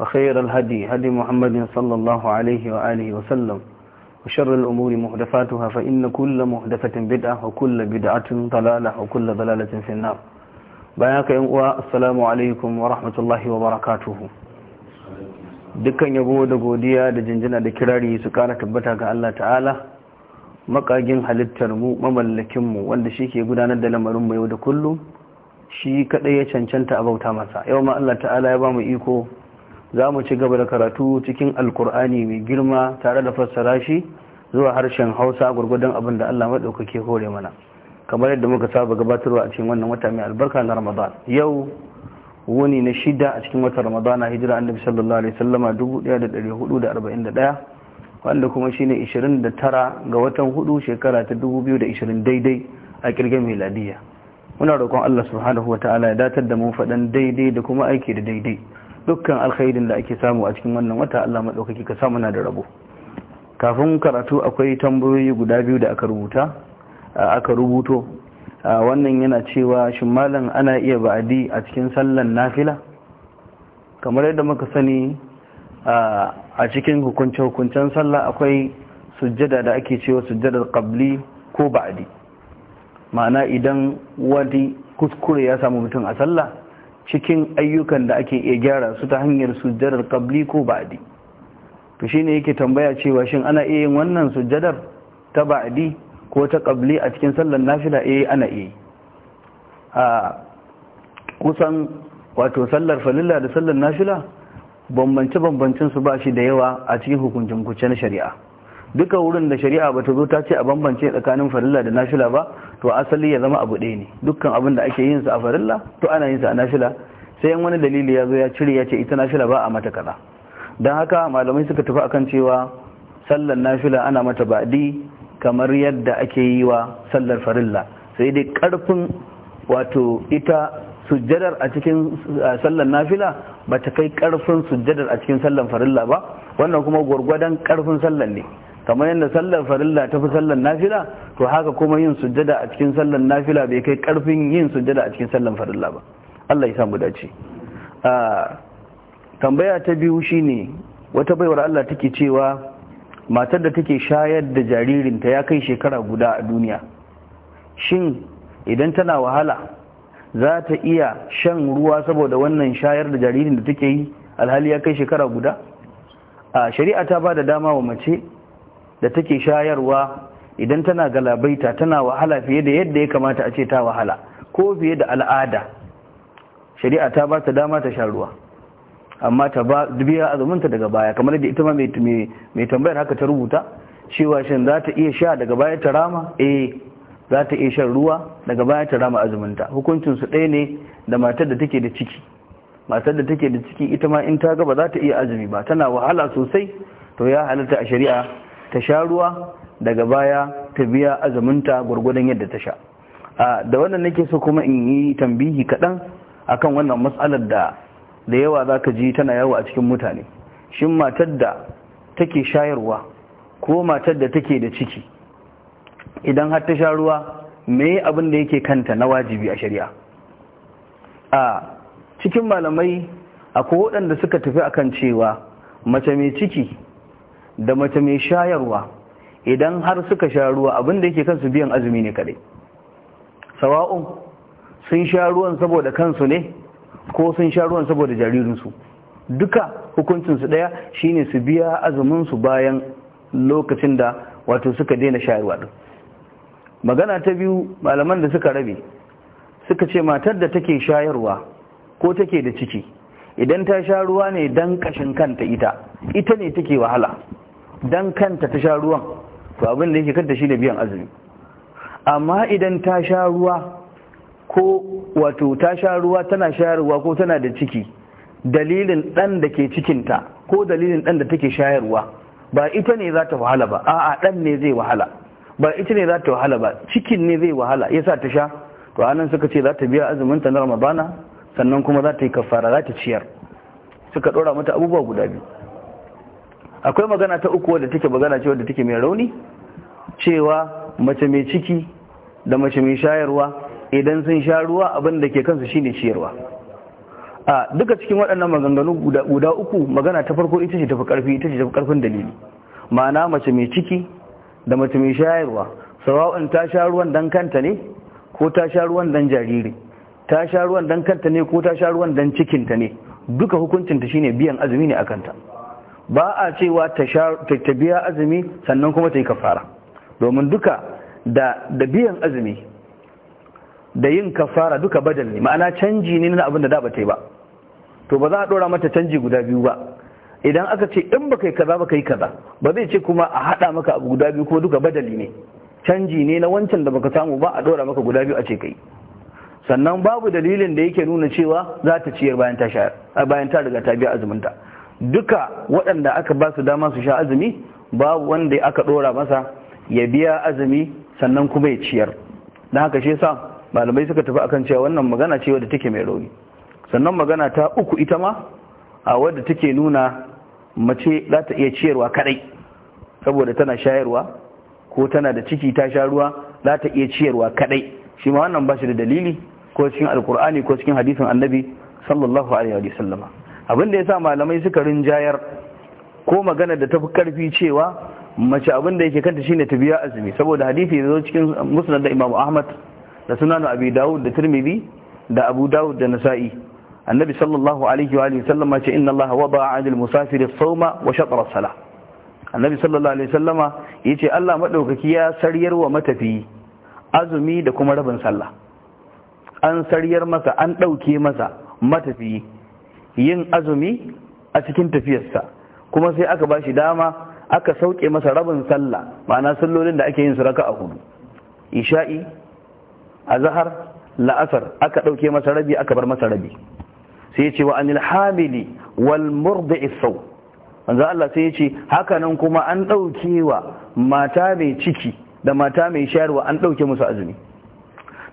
وخير الهدي هدي محمد صلى الله عليه وآله وسلم وشر الأمور محدثاتها فإن كل محدثة بدعة وكل بدعة ضلالة وكل ضلالة في النار بياك السلام عليكم ورحمة الله وبركاته dukkan yabo da godiya da jinjina da kirari su kara tabbata ga Allah ta'ala makagin halittar mu mamallakin mu wanda shi ke gudanar da lamarin mu yau da kullum shi kadai ya cancanta a bauta masa yau ma Allah ta'ala ya ba mu iko za mu ci gaba da karatu cikin alkur'ani mai girma tare da fassara shi zuwa harshen hausa gwargwadon abin da allah maɗaukake hore mana kamar yadda muka saba gabatarwa a cikin wannan wata mai albarka na ramadan yau wani na shida a cikin watan ramadana hijira annabi sallallahu alaihi wasallama 1441 wanda kuma shine 29 ga watan hudu shekara ta 2020 daidai a kirgin miladiya muna roƙon Allah subhanahu wa ta'ala ya datar da mu faɗan daidai da kuma aiki da daidai dukkan alkhairin da ake samu a cikin wannan wata Allah maɗaukaki ka samu na da rabo kafin karatu akwai tambayoyi guda biyu da aka rubuta aka rubuto wannan yana cewa shin malam ana iya ba'adi a cikin sallan nafila kamar yadda muka sani a cikin hukunce-hukuncen sallah akwai sujjada da ake cewa sujjadar qabli ko ba'adi ma'ana idan wani kuskure ya samu mutum a sallah cikin ayyukan da ake iya gyara su ta hanyar sujjadar kabli ko ba'adi, to ne yake tambaya cewa shin ana iya yin wannan sujjadar ta ba'adi ko ta kabli a cikin sallar nafila eh ana iya a kusan wato sallar falilla da sallar nafila bambance bambancin su ba shi da yawa a cikin hukuncin kuce na shari'a duka wurin da shari'a bata zo ta ce a bambance tsakanin falilla da nafila ba to asali ya zama abu ɗaya ne dukkan abin da ake yin sa a farilla to ana yin sa a nafila sai wani dalili ya zo ya cire ya ce ita nafila ba a mata kaza don haka malamai suka tafi akan cewa sallar nafila ana mata baɗi kamar yadda ake yi wa sallar farilla sai dai ƙarfin wato ita sujjadar a cikin sallar nafila ba ta kai ƙarfin sujjadar a cikin sallar farilla ba wannan kuma gwargwadon ƙarfin sallar ne kamar yadda sallar farilla ta fi sallar nafila to haka kuma yin sujjada a cikin sallar nafila bai kai karfin yin sujjada a cikin sallar farilla ba Allah ya samu dace tambaya ta biyu shine wata baiwar Allah take cewa matar da take shayar da jaririnta ya kai shekara guda a duniya shin idan tana wahala za ta iya shan ruwa saboda wannan shayar da jaririn da take yi alhali ya kai shekara guda a shari'a ta bada dama wa mace da take shayarwa idan tana galabaita tana wahala fiye da yadda ya kamata a ce ta wahala ko fiye da al'ada shari'a ta ba ta dama ta sha ruwa amma ta ba dubiya azuminta daga baya kamar da ita ma mai tambayar haka ta rubuta cewa shin za ta iya sha daga baya ta rama eh za ta iya shan ruwa daga baya ta rama azuminta hukuncin su ɗaya ne da matar da take da ciki matar da take da ciki ita ma in ta gaba za ta iya azumi ba tana wahala sosai to ya halatta a shari'a ta sha ruwa daga baya ta biya azuminta gurgudun yadda ta sha da wannan nake so kuma in yi tambihi kaɗan akan wannan matsalar da da yawa za ka ji tana yawo a cikin mutane shin matar da take shayarwa ko matar da take da ciki idan har ta sha ruwa me abin da yake kanta na wajibi a shari'a a cikin malamai akwai waɗanda suka tafi akan cewa mace mai ciki da mace mai shayarwa idan har suka sha ruwa abin da yake kansu biyan azumi ne kadai sawa'un sun sha ruwan saboda kansu ne ko sun sha ruwan saboda jaririnsu duka hukuncinsu ɗaya shine su biya azuminsu bayan lokacin da wato suka daina shayarwa ɗin magana ta biyu malaman da suka rabe suka ce matar da take shayarwa ko take da ciki idan ta sha ruwa ne don kashin kanta ita ita ne take wahala dan kanta ta sha ruwan to abin da yake kanta shine biyan azumi amma idan ta sha ruwa ko wato ta sha ruwa tana shayarwa ko tana da ciki dalilin dan da ke cikinta ko dalilin dan da take shayarwa ba ita ne za ta wahala ba a'a dan ne zai wahala ba ita ne za ta wahala ba cikin ne zai wahala yasa ta sha to anan suka ce za ta biya azumin ta na ramadana sannan kuma za ta yi kafara za ta ciyar suka dora mata abubuwa guda biyu akwai magana ta uku wadda take magana ce wadda take mai rauni cewa mace mai ciki da mace mai shayarwa idan sun sha ruwa abinda da ke kansu shine ciyarwa a duka cikin waɗannan maganganu guda uku magana ta farko ita ce tafi karfi ita ce tafi karfin dalili ma'ana mace mai ciki da mace mai shayarwa sawa'un ta sha ruwan dan kanta ne ko ta sha ruwan dan jariri ta sha ruwan dan kanta ne ko ta sha ruwan dan cikinta ne duka hukuncinta shine biyan azumi ne a kanta ba a cewa ta biya azumi sannan kuma ta yi kafara domin duka da biyan azumi da yin kafara duka badal ne ma'ana canji ne na abin da da ba ta yi ba to ba za a ɗora mata canji guda biyu ba idan aka ce in ba kai kaza ba kai kaza ba zai ce kuma a haɗa maka abu guda biyu ko duka badali ne canji ne na wancan da baka samu ba a ɗora maka guda biyu a ce kai sannan babu dalilin da yake nuna cewa za ta ciyar bayan ta riga ta biya azumin ta duka waɗanda aka ba su dama su sha azumi babu wanda aka ɗora masa ya biya azumi sannan kuma ya ciyar don haka shi sa malamai suka tafi akan cewa wannan magana ce wadda take mai rauni sannan magana ta uku ita ma a wadda take nuna mace za ta iya ciyarwa kadai saboda tana shayarwa ko tana da ciki ta sha ruwa za ta iya ciyarwa kadai shi ma wannan ba shi da dalili ko cikin alkur'ani ko cikin hadisin annabi sallallahu alaihi wa sallama abin da sa malamai suka rinjayar ko magana da tafi karfi cewa mace abin da yake kanta shine ta biya azumi saboda hadisi ya zo cikin musnad da Imam Ahmad da Sunan Abi Dawud da Tirmidhi da Abu Dawud da Nasa'i annabi sallallahu alaihi wa alihi sallama ce inna Allah wada'a 'ala al-musafiri as-sawma wa shatra as-salah annabi sallallahu alaihi sallama yace Allah madaukaki ya sariyar wa matafi azumi da kuma rabin sallah an saryar masa an dauke masa matafi yin azumi a cikin tafiyarsa kuma sai aka ba shi dama aka sauke masa rabin sallah ma'ana sallolin da ake yin su raka a hudu isha'i a zahar la'asar aka ɗauke masa rabi aka bar masa rabi sai yace wa anil hamili wal murdi'i isau. wanzu Allah sai yace hakanan kuma an ɗauke wa mata mai ciki da mata mai shayarwa an ɗauke musu azumi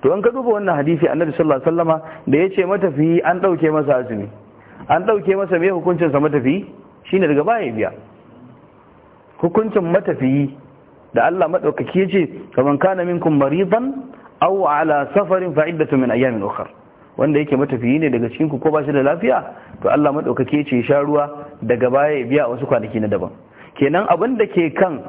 to an ka duba wannan hadisi annabi sallallahu alaihi wasallama da yace matafiyi an ɗauke masa azumi an ɗauke masa mai hukuncinsa matafiyi shine daga baya biya hukuncin matafiyi da Allah maɗaukaki ya ce kaman kana minkum maridan aw ala safarin fa iddatu min ayamin ukhra wanda yake matafiyi ne daga cikin ku ko ba shi da lafiya to Allah maɗaukaki ya ce sha ruwa daga baya ya biya wasu kwanaki na daban kenan abin da ke kan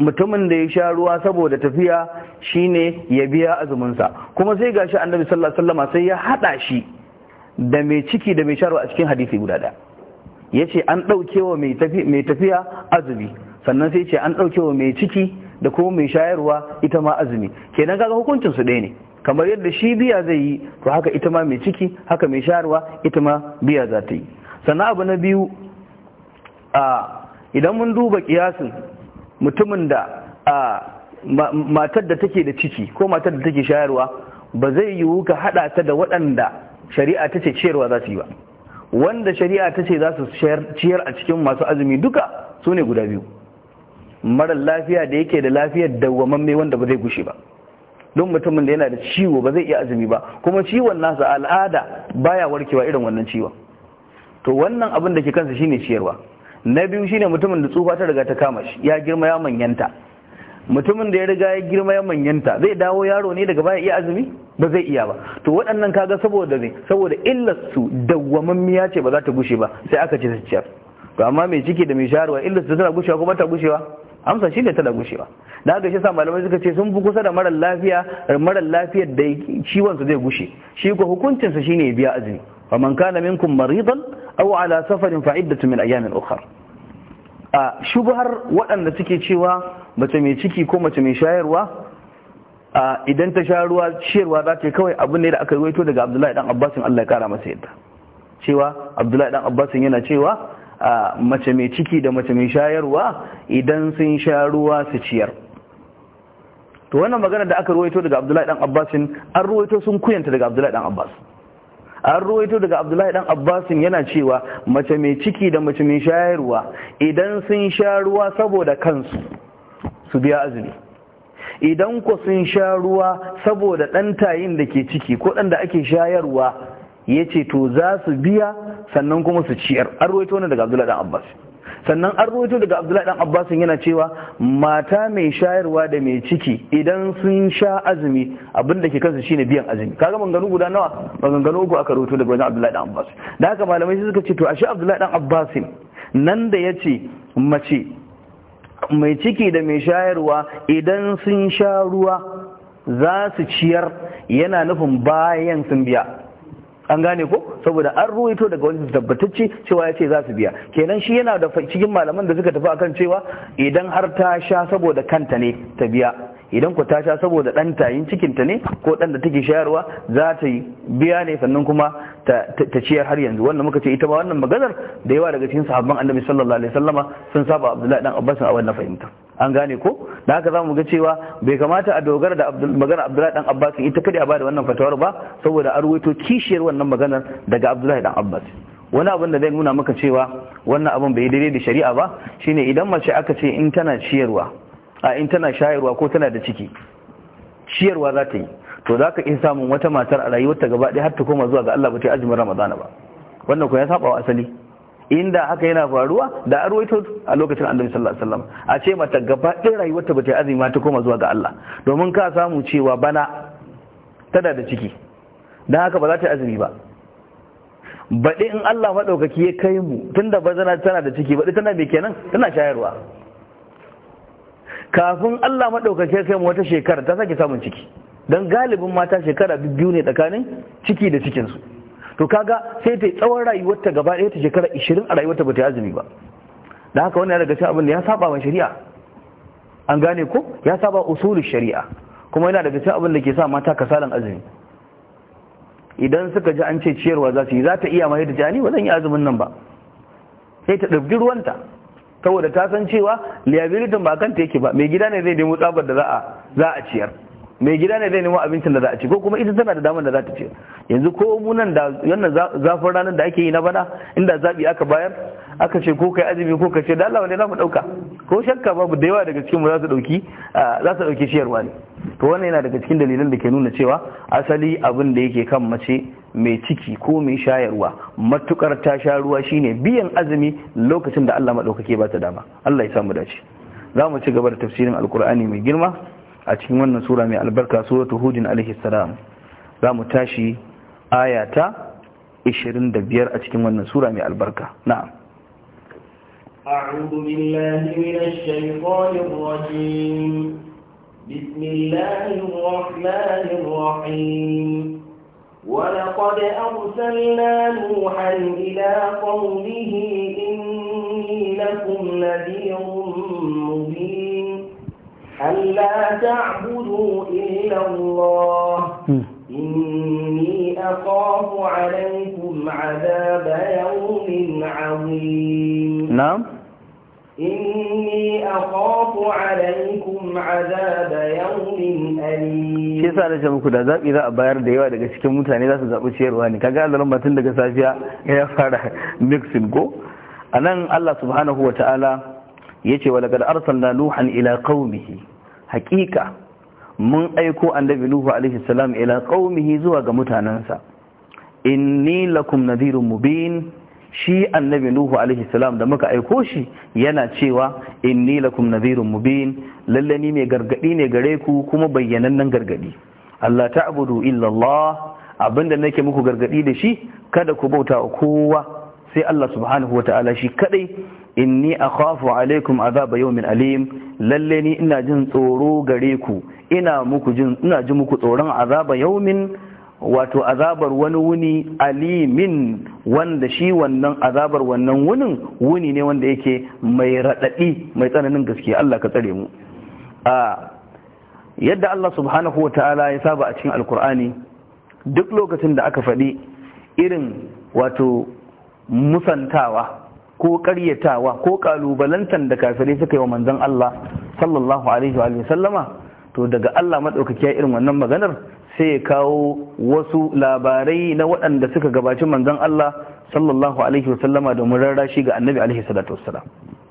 mutumin da ya sha ruwa saboda tafiya shine ya biya azumin sa kuma sai gashi annabi sallallahu alaihi wasallam sai ya hada shi da mai ciki da mai sharwa a cikin hadisi guda ɗaya ya ce an ɗaukewa mai tafiya azumi sannan sai ce an ɗaukewa mai ciki da kuma mai shayarwa ita ma azumi kenan kaga hukuncin su ɗaya ne kamar yadda shi biya zai yi to haka ita ma mai ciki haka mai shayarwa ita ma biya za ta yi sannan abu na biyu a idan mun duba kiyasin mutumin da a matar da take da ciki ko matar da take shayarwa ba zai yiwu ka haɗa ta da waɗanda shari'a ta ce ciyarwa za su yi ba wanda shari'a ta ce za su ciyar a cikin masu azumi duka su ne guda biyu marar lafiya da yake da lafiyar dawwamamme wanda ba zai gushe ba don mutumin da yana da ciwo ba zai iya azumi ba kuma ciwon nasa al'ada baya warkewa irin wannan ciwon to wannan abin da ke kansa shine ciyarwa na biyu shine mutumin da tsufa ta riga ta kama shi ya girma ya manyanta mutumin da ya riga ya girma ya manyanta zai dawo yaro ne daga baya iya azumi ba zai iya ba to waɗannan kaga saboda ne saboda illar su dawwamammiya ce ba za ta gushe ba sai aka ce su ciyar to amma mai ciki da mai sharuwa illar su tana gushewa ko ba ta gushewa amsa shi ne tana gushewa da haka shi sa malamai suka ce sun fi kusa da marar lafiya marar lafiyar da ciwon su zai gushe shi ko hukuncin sa shine ya biya azumi man kana minkum maridan aw ala safarin fa iddatu min ayamin ukhra a shubhar waɗanda suke cewa mace mai ciki ko mace mai shayarwa idan ta sha ruwa ciyarwa za ta yi kawai abin ne da aka ruwaito daga abdullahi dan abbasin allah ya kara masa yadda cewa abdullahi dan abbasin yana cewa mace mai ciki da mace mai shayarwa idan sun sha ruwa su ciyar to wannan magana da aka ruwaito daga abdullahi dan abbasin an ruwaito sun kuyanta daga abdullahi dan abbas an ruwaito daga abdullahi dan abbasin yana cewa mace mai ciki da mace mai shayarwa idan sun sha ruwa saboda kansu su biya azumi idan ku sun sha ruwa saboda ɗan tayin da ke ciki ko ɗan da ake shayarwa yace to za su biya sannan kuma su ciyar an ruwaito ne daga abdullahi dan abbas sannan an ruwaito daga abdullahi dan abbasin yana cewa mata mai shayarwa da mai ciki idan sun sha azumi abin da ke kansu shine biyan azumi kaga maganganu guda nawa maganganu uku aka ruwaito daga wajen abdullahi dan abbas da haka malamai sai suka ce to ashe abdullahi dan abbasin nan da ya ce mace mai ciki da mai shayarwa idan sun sha ruwa za su ciyar yana nufin bayan sun biya an gane ko saboda an ruwaito daga wani tabbatacce cewa ya ce za su biya kenan shi yana da cikin malaman da suka tafi akan cewa idan har ta sha saboda kanta ne ta biya idan ku ta sha saboda ɗan tayin cikinta ne ko ɗan da take shayarwa za ta yi biya ne sannan kuma ta ciyar har yanzu wannan muka ce ita ba wannan maganar da yawa daga cikin sahabban annabi sallallahu alaihi wasallama sun saba abdullahi dan abbas a wannan fahimta an gane ko da haka zamu ga cewa bai kamata a dogara da magana Abdullahi dan Abbas ita kada a bada wannan fatawar ba saboda an ruwaito kishiyar wannan maganar daga Abdullahi dan Abbas wani abin da zai nuna maka cewa wannan abin bai daidai da shari'a ba shine idan mace aka ce in tana ciyarwa a in tana shayarwa ko tana da ciki ciyarwa za ta yi to za ka iya samun wata matar a rayuwarta gaba ɗaya har ta koma zuwa ga Allah ba ta yi azumin Ramadana ba wannan ko ya saba wa asali inda haka yana faruwa da an a lokacin annabi sallallahu alaihi wasallam a ce mata gaba ɗin rayuwarta ba ta azumi ta koma zuwa ga Allah domin ka samu cewa bana tana da ciki dan haka ba za ta azumi ba baɗi in Allah maɗaukaki ya kai mu tunda bazana tana da ciki baɗi tana me kenan tana shayarwa kafin Allah maɗaukaki ya kai mu wata shekara ta sake samun ciki dan galibin mata shekara biyu ne tsakanin ciki da cikin su to kaga sai ta tsawon rayuwarta gaba ɗaya ta shekara 20 a rayuwarta ba ta azumi ba da haka wannan daga cikin abin da ya saba wa shari'a an gane ko ya saba usulul shari'a kuma yana daga cikin abin da ke sa mata kasalan azumi idan suka ji an ce ciyarwa za su yi za ta iya mai da jani ba zan yi azumin nan ba sai ta ɗabgi ruwanta saboda ta san cewa liyabilitin ba kanta yake ba mai gida ne zai nemo tsabar da za a ciyar mai gida ne zai nemo abincin da za a ci ko kuma ita tana da damar da za ta ci yanzu ko mu nan da wannan zafin ranar da ake yi na bana inda zabi aka bayar aka ce ko kai azumi ko ka ce da Allah za mu dauka ko shakka babu da yawa daga cikin za su dauki za su shiyarwa ne to wannan yana daga cikin dalilan da ke nuna cewa asali abin da yake kan mace mai ciki ko mai shayarwa matukar ta sha ruwa shine biyan azumi lokacin da Allah madaukake ba ta dama Allah ya samu dace za mu ci gaba da tafsirin alkur'ani mai girma a cikin wannan sura mai albarka suratu hudin alaihi salam za mu tashi ayata 25 a cikin wannan sura mai albarka na'am أعوذ بالله من الشيطان الرجيم بسم الله الرحمن الرحيم ولقد أرسلنا نوحا إلى قومه إني لكم نذير مبين ألا تعبدوا إلا الله إني أخاف عليكم عذاب يوم عظيم نعم إني أخاف عليكم عذاب يوم أليم shi sa da ce muku da zaɓi za a bayar da yawa daga cikin mutane za su zaɓi ciyarwa ne kaga Allah batun daga safiya ya fara mixing ko anan Allah subhanahu wa ta'ala yace wa laqad arsalna nuhan ila qaumihi haƙiƙa mun aiko annabi nuhu alaihi salam ila qaumihi zuwa ga mutanansa inni lakum nadhirun mubin shi annabi nuhu alaihi salam da muka aiko shi yana cewa inni lakum nadhirun mubin lalle ni mai gargadi ne gare ku kuma bayyanannen gargadi Allah ta'budu illa Allah abinda nake muku gargadi da shi kada ku bauta wa kowa sai Allah subhanahu ta'ala shi kadai inni a akhafu alaikum azaba min alim lalle ni ina jin tsoro gare ku ina muku jin ina ji muku tsoron azaba min wato azabar wani wuni alimin wanda shi wannan azabar wannan wunin wuni ne wanda yake mai raɗaɗi mai tsananin gaske Allah ka tsare mu a yadda Allah subhanahu wata'ala ya saba a cikin alkur'ani duk lokacin da aka faɗi irin wato musantawa ko ƙaryatawa ko ƙalubalantar da kafirai suka yi wa manzon Allah sallallahu alaihi wa sallama to daga Allah maɗaukaki ya irin wannan maganar sai ya kawo wasu labarai na waɗanda suka gabaci manzon Allah sallallahu alaihi wa sallama da murarrashi ga annabi alaihi salatu wassalam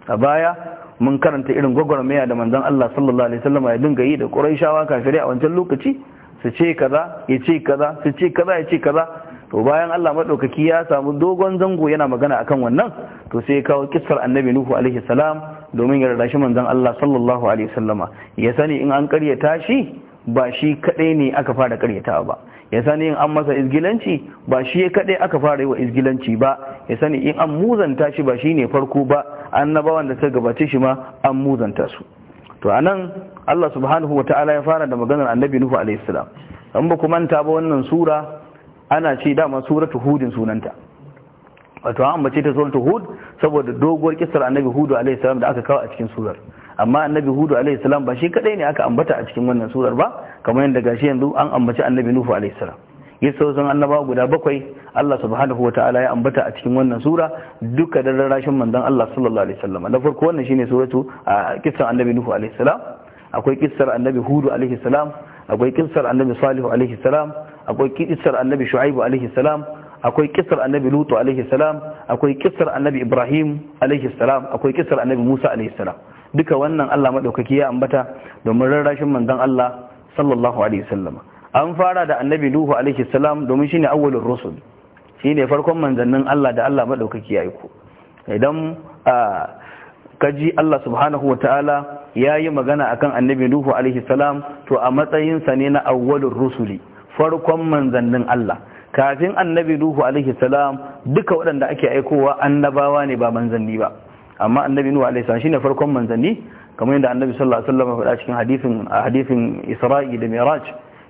a baya mun karanta irin gwagwarmaya da manzon Allah sallallahu alaihi wasallama ya dinga yi da Qurayshawa kafirai a wancan lokaci su ce kaza ya ce kaza su ce kaza ya ce kaza to bayan Allah madaukaki ya samu dogon zango yana magana akan wannan to sai ya kawo kissar annabi nuhu alaihi salam domin ya rarrashi manzon Allah sallallahu alaihi wasallama ya sani in an karyata shi ba shi kadai ne aka fara karyata ba ya sani in an masa izgilanci ba shi kadai aka fara yi wa izgilanci ba ya sani in an muzanta shi ba shi ne farko ba annabawan da suka gabace shi ma an muzanta su to anan Allah subhanahu wataala ya fara da maganar annabi nuhu alaihi salam an ba ku manta ba wannan sura ana ce dama suratu hudin sunanta wato an ambace ta suratu hud saboda doguwar kisar annabi hudu alaihi salam da aka kawo a cikin surar amma annabi hudu alaihi salam ba shi kadai ne aka ambata a cikin wannan surar ba kamar yadda gashi yanzu an ambaci annabi nuhu alaihi salam yasa annaba guda bakwai Allah subhanahu wa ta'ala ya ambata a cikin wannan sura duka da rarrashin manzon Allah sallallahu alaihi wasallam na farko wannan shine suratu a annabi nuhu alaihi salam akwai kissar annabi hudu alaihi salam akwai kissar annabi salihu alaihi salam akwai kisar annabi shu'aibu alaihi salam akwai kisar annabi lutu alaihi salam akwai kisar annabi ibrahim alaihi salam akwai kisar annabi musa alaihi salam duka wannan Allah madaukaki ya ambata domin rarrashin manzon Allah sallallahu alaihi wasallam an fara da annabi Nuhu alaihi salam domin shine awwalur rusul shine farkon manzannin Allah da Allah madaukaki ya aiko idan kaji Allah subhanahu wataala yayi magana akan annabi Nuhu alaihi salam to a matsayin sa ne na awwalur rusuli farkon manzannin Allah kafin annabi Nuhu alaihi salam duka waɗanda ake aikowa annabawa ne ba manzanni ba amma annabi Nuhu alaihi salam shine farkon manzanni kamar yadda annabi sallallahu alaihi wasallam faɗa cikin hadisin hadisin Isra'i da Miraj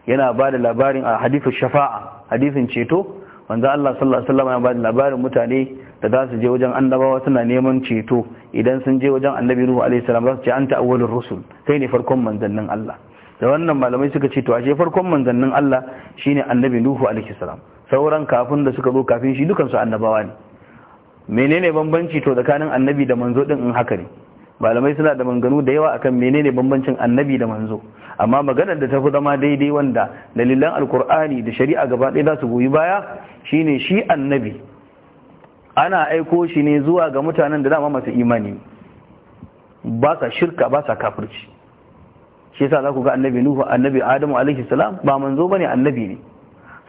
yana ba da labarin a hadisin shafa'a hadisin ceto wanda Allah sallallahu alaihi wasallam yana ba da labarin mutane da za su je wajen annabawa suna neman ceto idan sun je wajen annabi Nuhu alaihi salam za su ce anta awwalur rusul kai ne farkon manzannin Allah da wannan malamai suka ce to ashe farkon manzannin Allah shine annabi Nuhu alaihi salam sauran kafin da suka zo kafin shi dukansu annabawa ne menene bambanci to tsakanin annabi da manzo din in haka ne malamai suna da manganu da yawa akan menene bambancin annabi da manzo amma maganar da ta fi zama daidai wanda dalilan alkur'ani da shari'a gaba ɗaya za su goyi baya shine shi annabi ana aiko shi ne zuwa ga mutanen da dama masu imani ba sa shirka ba sa kafirci shi yasa za ku ga annabi nuhu annabi adamu alaihi salam ba manzo bane annabi ne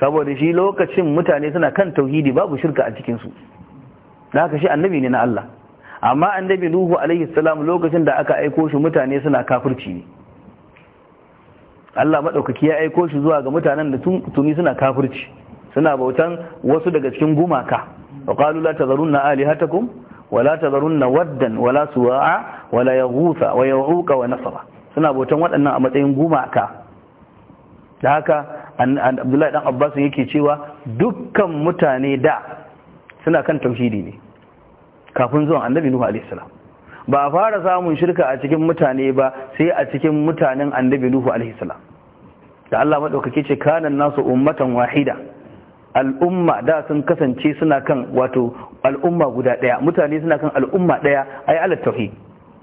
saboda shi lokacin mutane suna kan tauhidi babu shirka a cikin su da haka shi annabi ne na Allah amma annabi nuhu alaihi salam lokacin da aka aiko shi mutane suna kafirci ne Allah madaukaki ya aiko shi zuwa ga mutanen da tuni suna kafirci suna bautan wasu daga cikin gumaka wa qalu la tazarunna alihatakum ولا Wala ودا ولا yaghutha wa يغوث wa ونصرا suna bautan waɗannan a matsayin gumaka da haka abdullahi dan abbas yake cewa dukkan mutane da suna kan tauhidi ne kafin zuwan annabi nuhu alaihi salam ba a fara samun shirka a cikin mutane ba sai a cikin mutanen annabi nuhu alaihi salam da Allah madaukake ce kanan nasu ummatan wahida al'umma da sun kasance suna kan wato al'umma guda ɗaya. mutane suna kan al'umma ɗaya. ay ala tauhid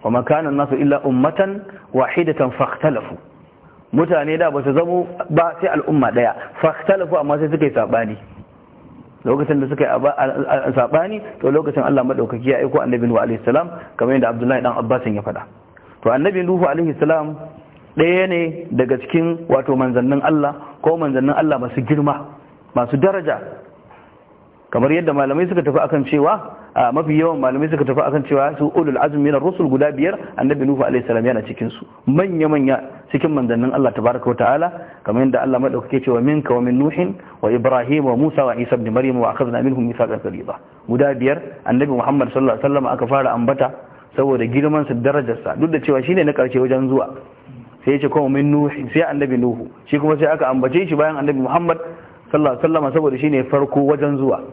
wa makanan nasu illa ummatan wahidatan fakhtalafu mutane da ba su zamo ba sai al'umma daya fakhtalafu amma sai suka yi sabani lokacin da suka yi sabani to lokacin Allah madaukaki ya aiko annabi Nuhu alaihi salam kamar yadda Abdullahi dan Abbas ya faɗa to annabi Nuhu alaihi salam ɗaya ne daga cikin wato manzannin Allah ko manzannin Allah masu girma masu daraja kamar yadda malamai suka tafi akan cewa mafi yawan malamai suka tafi akan cewa su ulul azmi na rusul guda biyar annabi nuhu alaihi salam yana cikin su manya manya cikin manzannin Allah tabaraka ta'ala kamar yadda Allah madaukake cewa minka wa min nuhin wa ibrahim wa musa wa isa ibn maryam wa akhadna minhum mithaqan ghaliza guda biyar annabi muhammad sallallahu alaihi wasallam aka fara ambata saboda girman sa sa duk da cewa shine na karshe wajen zuwa sai ya ce kuma min nuhi sai annabi nuhu shi kuma sai aka ambace shi bayan annabi muhammad sallallahu alaihi wasallam saboda shine farko wajen zuwa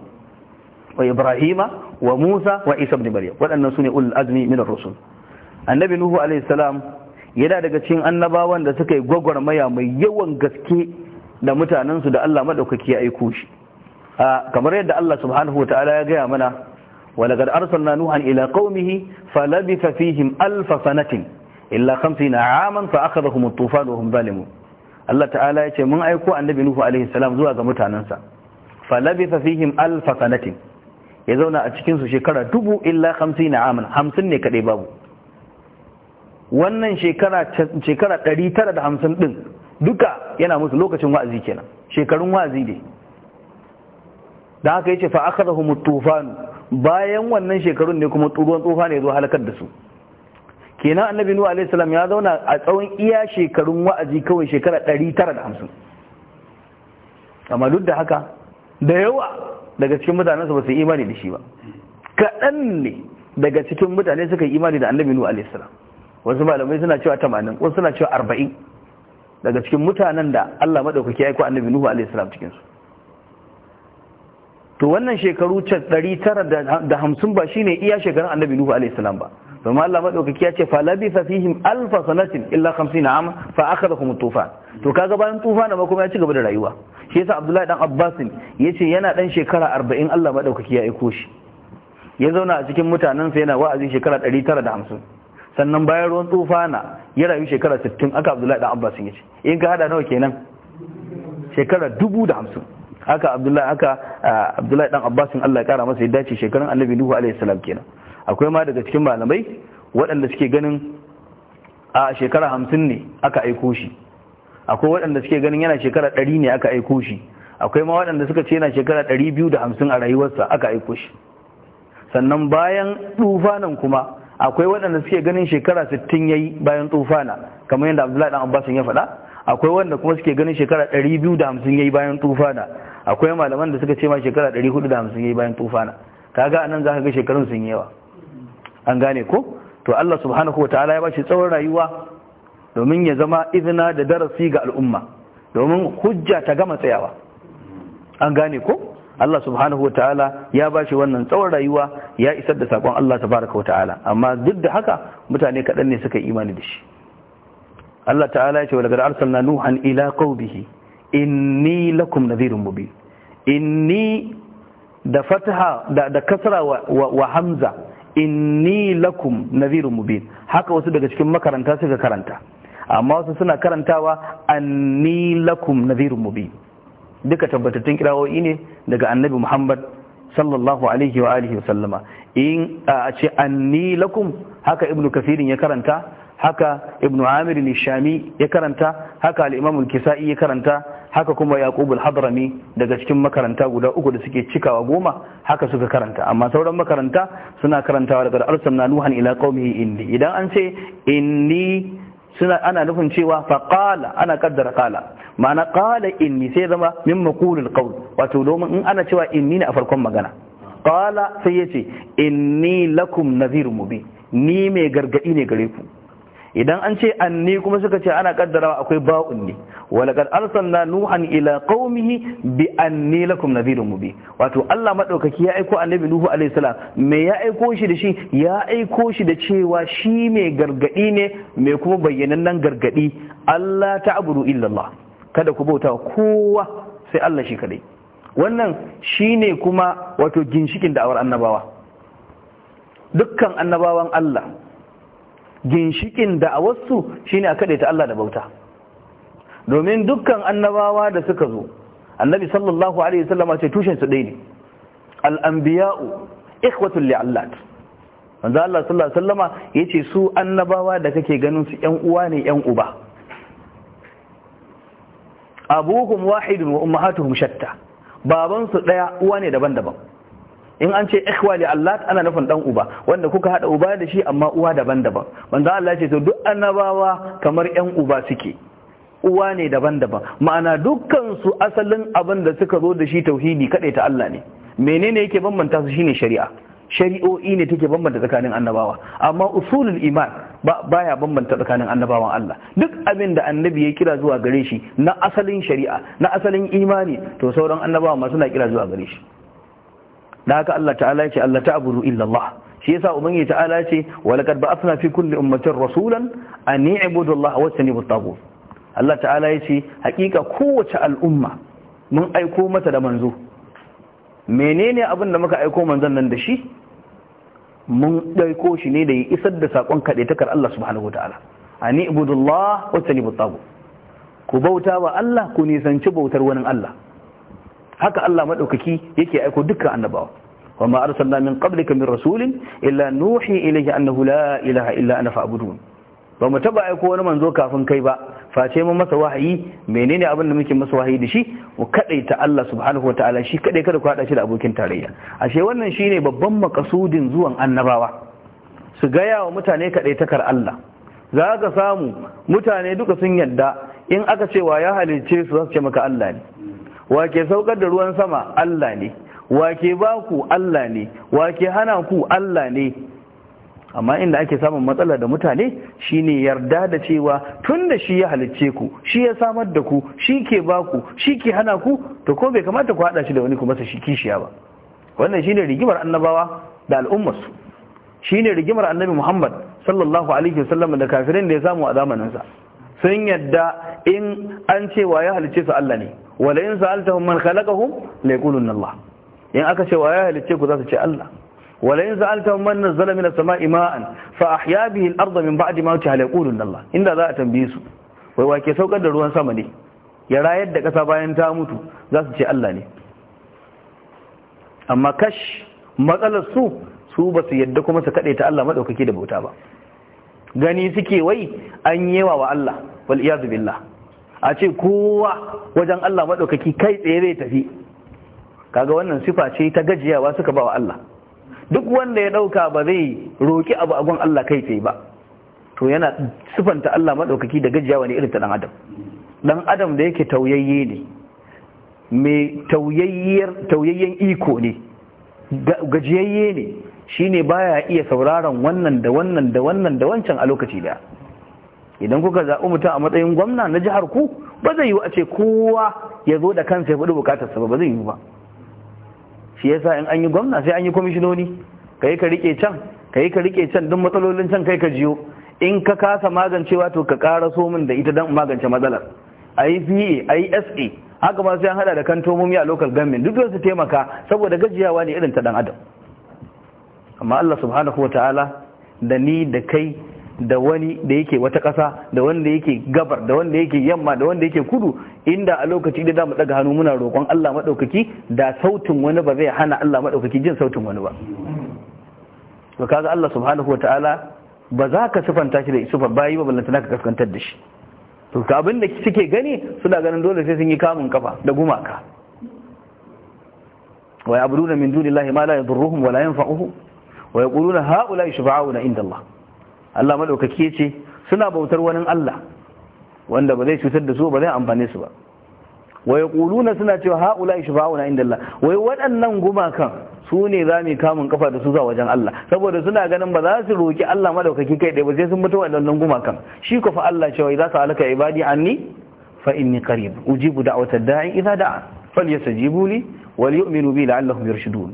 wa ibrahima wa musa wa isa ibn maryam waɗannan sune ulul azmi min ar-rusul annabi nuhu alayhi salam yana daga cikin annabawan da suka yi gwagwarmaya mai yawan gaske da mutanensu da Allah madaukaki ya aiko shi kamar yadda Allah subhanahu wa ta'ala ya gaya mana wa laqad arsalna nuhan ila qaumihi falabitha fihim alf sanatin illa 50 aman fa akhadhahum at tufa wa hum zalimun Allah ta'ala ya ce mun aiko annabi nuhu alaihi salam zuwa ga mutanensa falabitha fihim alf sanatin ya zauna a cikinsu shekara dubu illa hamsin na amin hamsin ne kaɗai babu wannan shekara ɗari tara da hamsin ɗin duka yana musu lokacin wa'azi kenan shekarun wa'azi ne da haka ya ce fa aka zahu tufanu bayan wannan shekarun ne kuma ruwan tsufa ne zo halakar da su kenan annabi nuwa alaihi salam ya zauna a tsawon iya shekarun wa'azi kawai shekara ɗari tara da hamsin amma duk da haka da yawa daga cikin su ba su yi imani da shi ba kaɗan ne daga cikin mutane suka yi imani da annabi nuhu alaihi salam wasu malamai suna cewa 80 wasu suna cewa 40 daga cikin mutanen da Allah madaukaki ya ko annabi nuhu alaihi salam cikin su to wannan shekaru 950 ba shine iya shekarun annabi nuhu alaihi salam ba domin Allah madaukaki ya ce falabi fa fihim alfa sanatin illa 50 amma fa akhadhahum tufan to kaga bayan tufan da kuma ya ci gaba da rayuwa shi yasa Abdullahi dan Abbas ya ce yana dan shekara 40 Allah madaukaki ya aiko shi ya zauna a cikin mutanen sa yana wa'azi shekara 950 sannan bayan ruwan tufana ya rayu shekara 60 aka Abdullahi dan Abbas ya ce in ka hada nawa kenan shekara 250 haka abdullahi haka ah, abdullahi dan abbasin Allah ya kara masa ya dace shekarun annabi nuhu alaihi salam kenan akwai ma daga cikin malamai waɗanda suke ganin a shekara hamsin ne aka aiko shi akwai waɗanda suke ganin yana shekara ɗari ne aka aiko shi akwai ma waɗanda suka ce yana shekara ɗari biyu da hamsin a rayuwarsa aka aiko shi sannan bayan tufanan kuma akwai waɗanda suke ganin shekara sittin ya yi bayan tufana kamar yadda abdullahi ɗan abbasin ya faɗa akwai wanda kuma suke ganin shekara ɗari biyu da hamsin ya yi bayan tufana akwai malaman da suka ce ma shekara ɗari hudu da hamsin ya yi bayan tufana kaga anan za ka ga shekarun sun yawa an gane ko to Allah subhanahu wa ta'ala ya bashi tsawon rayuwa domin ya zama izina da darasi ga al'umma domin hujja ta gama tsayawa an gane ko Allah subhanahu wa ta'ala ya bashi wannan tsawon rayuwa ya isar da sakon Allah tabaraka wa ta'ala amma duk da haka mutane kaɗan ne suka imani da shi Allah ta'ala ya ce wa arsalna nuhan ila qaubihi inni lakum nadhirun mubin inni da fataha da kasra wa hamza inni lakum nadhirun mubin haka wasu daga cikin makaranta suka karanta amma wasu suna karantawa anni lakum nadhirun mubin duka tabbatattun kirawoyi ne daga annabi Muhammad sallallahu alaihi wa alihi wasallama in a ce anni lakum haka ibnu kafirin ya karanta haka ibnu amir al ya karanta haka al-imam al-kisa'i ya karanta haka kuma yaqubul hadrami daga cikin makaranta guda uku da suke cikawa goma haka suka karanta amma sauran makaranta suna karantawa daga arsalna nuhan ila qaumihi inni idan an ce inni suna ana nufin cewa fa qala ana kaddara qala ma'ana qala inni sai zama min maqulul qawl wato domin in ana cewa inni ne a farkon magana qala sai yace inni lakum nadhirun mubin ni mai gargadi ne gare ku idan an ce anni kuma suka ce ana kaddarawa akwai ba'un ne walaqad arsalna nuhan ila qaumihi bi anni lakum nadhirun mubin wato Allah madaukaki ya aiko annabi nuhu alaihi salam me ya aiko shi da shi ya aiko shi da cewa shi mai gargadi ne mai kuma bayyanannen gargadi Allah ta'budu illa Allah kada ku bauta kowa sai Allah shi kadai wannan shine kuma wato ginshikin da'awar annabawa dukkan annabawan Allah ginshikin da a wasu shine a kaɗaita Allah da bauta domin dukkan annabawa da suka zo annabi sallallahu alaihi wasallam ce tushen su ɗaya ne al-anbiya'u ikhwatul li'allat manzo Allah sallallahu alaihi wasallama yace su annabawa da kake ganin su ƴan uwa ne ƴan uba abuhum wahidun wa ummahatuhum shatta baban su daya uwa ne daban-daban in an ce ikhwa li Allah ana nufin dan uba wanda kuka hada uba da shi amma uwa daban-daban manzo Allah ce to duk annabawa kamar yan uba suke uwa ne daban-daban ma'ana dukkan su asalin abin da suka zo da shi tauhidi kadai ta Allah ne menene yake bambanta su shine shari'a shari'o'i ne take bambanta tsakanin annabawa amma usulul iman baya bambanta tsakanin annabawan Allah duk abin da annabi ya kira zuwa gare shi na asalin shari'a na asalin imani to sauran annabawa ma suna kira zuwa gare shi da haka Allah ta'ala ce Allah ta'budu illallah shi yasa ubangiji ta'ala ce wa laqad ba'athna fi kulli ummatin rasulan an i'budu Allah wa tanibu Allah ta'ala yace hakika kowace al'umma mun aiko mata da manzo menene abin da muka aiko manzon nan da shi mun daiko shi ne da ya isar da sakon kadaitakar Allah subhanahu wataala an i'budu Allah wa tanibu tagut ku bauta wa Allah ku nisanci bautar wani Allah haka Allah maɗaukaki yake aiko dukkan annabawa wa ma arsalna min qablika min rasulin illa nuhi ilayhi annahu la ilaha illa ana fa'budun ba mu taba aiko wani manzo kafin kai ba face mu masa wahayi menene abin da muke masa wahayi da shi mu kadaita Allah subhanahu wataala shi kadai kada ku hada shi da abokin tarayya ashe wannan shine babban makasudin zuwan annabawa su gaya wa mutane kadaitakar Allah za ka samu mutane duka sun yadda in aka ce wa ya halicce su za su ce maka Allah ne Wake saukar da ruwan sama Allah ne wake ke ba ku Allah ne wake hana ku Allah ne amma inda ake samun matsala da mutane shine yarda da cewa tun da shi ya halicce ku shi ya samar da ku shi ke ba ku shi ke hana ku to ko bai kamata ku haɗa shi da wani kuma su shi kishiya ba wannan shine rigimar annabawa da al'ummarsu shine rigimar annabi Muhammad sallallahu alaihi wasallam da kafirin da ya samu a zamaninsa sun yadda in an ce wa ya halice su Allah ne wala in sa'altahum man khalaqahum la yaqulunna Allah in aka ce wa ya halice ku za su ce Allah wala in sa'altahum man nazzala min as-sama'i ma'an fa ahya bihi al-ardha min ba'di ma mawtiha la yaqulunna Allah inda za a tambaye su wai wa ke saukar da ruwan sama ne ya rayar da ƙasa bayan ta mutu za su ce Allah ne amma kash matsalar su su ba su yadda kuma su kaɗe ta Allah maɗaukaki da bauta ba gani suke wai an yi wa Allah wal iyazu billah a ce kowa wajen Allah madaukaki kai tsaye zai tafi kaga wannan sifa ce ta gajiyawa suka ba wa Allah duk wanda ya ɗauka ba zai roki abu agon Allah kai tsaye ba to yana sifanta Allah madaukaki da gajiyawa ne irin ta dan adam dan adam da yake tauyayye ne mai tauyayyen iko ne gajiyayye ne shine baya iya sauraron wannan da wannan da wannan da wancan a lokaci daya idan kuka zaɓi mutum a matsayin gwamna na jihar ku ba zai yiwu a ce kowa ya zo da kansa ya faɗi bukatarsa ba ba zai yiwu ba shi yasa in an yi gwamna sai an yi kwamishinoni ka yi ka rike can ka yi ka rike can duk matsalolin can kai ka jiyo in ka kasa magancewa to ka ƙara so min da ita don magance matsalar a yi a yi sa haka ma sai an hada da kantomomi a local government duk wasu taimaka saboda gajiyawa ne irin ta dan adam amma Allah subhanahu wa ta'ala da ni da kai da wani da yake wata ƙasa da wanda yake gabar da wanda yake yamma da wanda yake kudu inda a lokaci da zamu daga hannu muna roƙon Allah maɗaukaki da sautin wani ba zai hana Allah maɗaukaki jin sautin wani ba to kaga Allah subhanahu wataala ba za ka sifanta shi da isufa bayi ba ballanta ka kaskantar da shi to ka abin da suke gani suna ganin dole sai sun yi kamun kafa da gumaka wa ya'buduna min dunillahi ma la yadurruhum wa la yanfa'uhum wa yaquluna ha'ula'i shufa'una inda Allah Allah madaukaki ce suna bautar wani Allah wanda ba zai cutar da su ba zai amfane su ba wa yaquluna suna cewa haula ishfa'una inda Allah wai waɗannan gumakan su ne za mu kamun kafa da su zuwa wajen Allah saboda suna ganin ba za su roki Allah maɗaukaki kai ɗaya ba sai sun mutu waɗannan gumakan shi ko fa Allah cewa idza sa'alaka ibadi anni fa inni qarib ujibu da'watad da'i idza da'a falyastajibuli li wal yu'minu bi la'allahum yarshudun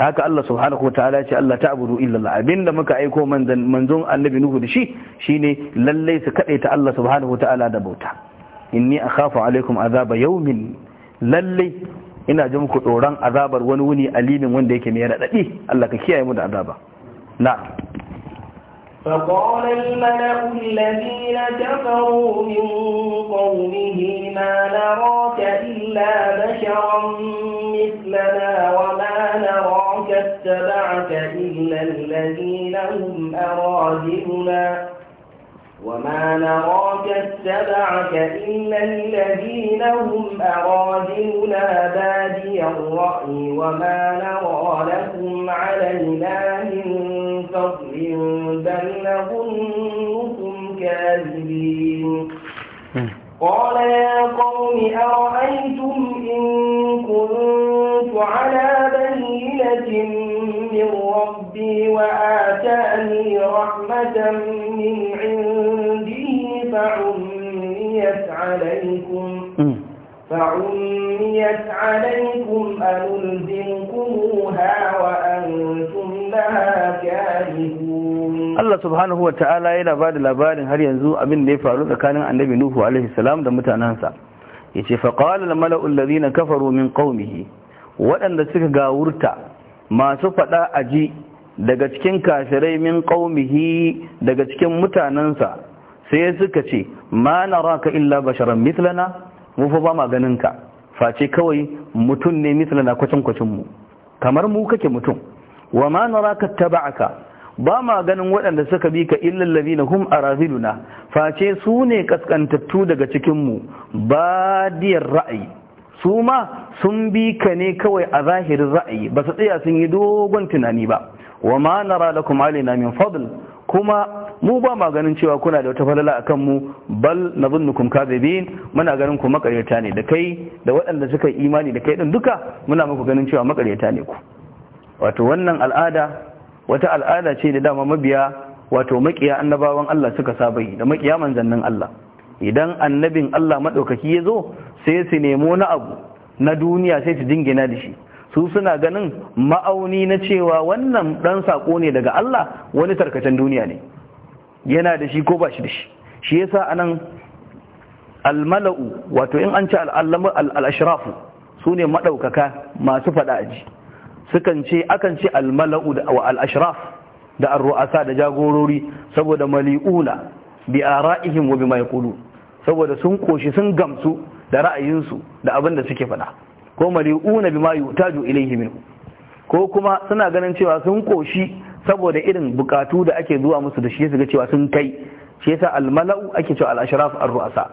da haka Allah subhanahu wa ta'ala ce Allah ta'budu illa Allah abinda muka aiko manzon manzon annabi Nuhu da shi shine lalle su kade ta Allah subhanahu wa ta'ala da bauta inni akhafu alaikum azaba yawmin lalle ina ji ku tsoron azabar wani wuni alimin wanda yake mai radadi Allah ka kiyaye mu da azaba na'am فقال الملأ الذين كفروا من قومه ما نراك إلا بشرا مثلنا وما نراك اتبعك إلا الذين هم أراجلنا وما نراك اتبعك إلا الذين هم أرادلنا بادي الرأي وما نرى لكم علينا من فضل بل نظنكم كاذبين قال يا قوم أرأيتم إن كنت على بينة من ربي وآتاني رحمة من عندي فعميت عليكم فعميت عليكم أنلزمكموها وأنتم لها كارهون الله سبحانه وتعالى yana ba da labarin har yanzu abin da ya faru tsakanin annabi Nuhu alaihi salam da mutanansa yace fa qala al mala'u alladhina kafaru min qaumihi waɗanda suka gawurta masu fada aji daga cikin kafirai min qaumihi daga cikin mutanansa sai suka ce ma raka illa basharan mitlana mu fa ba ma ganin ka face kawai mutum ne mitlana kwacin kwacin kamar mu kake mutum wa ma taba aka ba ma ganin waɗanda suka bi ka illal na hum raziluna face su ne kaskantattu daga cikin mu badiyar ra'ayi su ma sun bi ka ne kawai a zahirin ra'ayi ba su tsaya sun yi dogon tunani ba wa ma da lakum alina min fadl kuma mu ba ma ganin cewa kuna da wata falala kan mu bal na nadhunnukum kazabin muna ganin ku makaryata ne da kai da waɗanda suka yi imani da kai din duka muna muku ganin cewa makaryata ne ku wato wannan al'ada wata al'ada ce da dama mabiya wato makiya annabawan Allah suka saba yi da makiya manzannin Allah idan annabin Allah madaukaki ya zo sai su nemo na abu na duniya sai su jingina da shi su suna ganin ma'auni na cewa wannan ɗan sako ne daga Allah wani tarkacen duniya ne yana da shi ko ba shi da shi shi yasa anan almala'u wato in an ci al'ashirafu su ne maɗaukaka masu faɗa aji sukan ce akan ce almala'u da al'ashraf da ar-ru'asa da jagorori saboda mali'una bi ara'ihim wa mai yaqulu saboda sun koshi sun gamsu da ra'ayinsu da abin da suke faɗa ko mali'una bima yutaju ilayhi minhu ko kuma suna ganin cewa sun koshi saboda irin bukatu da ake zuwa musu da shi su ga cewa sun kai shi yasa almala'u ake cewa al-ashraf ar-ru'asa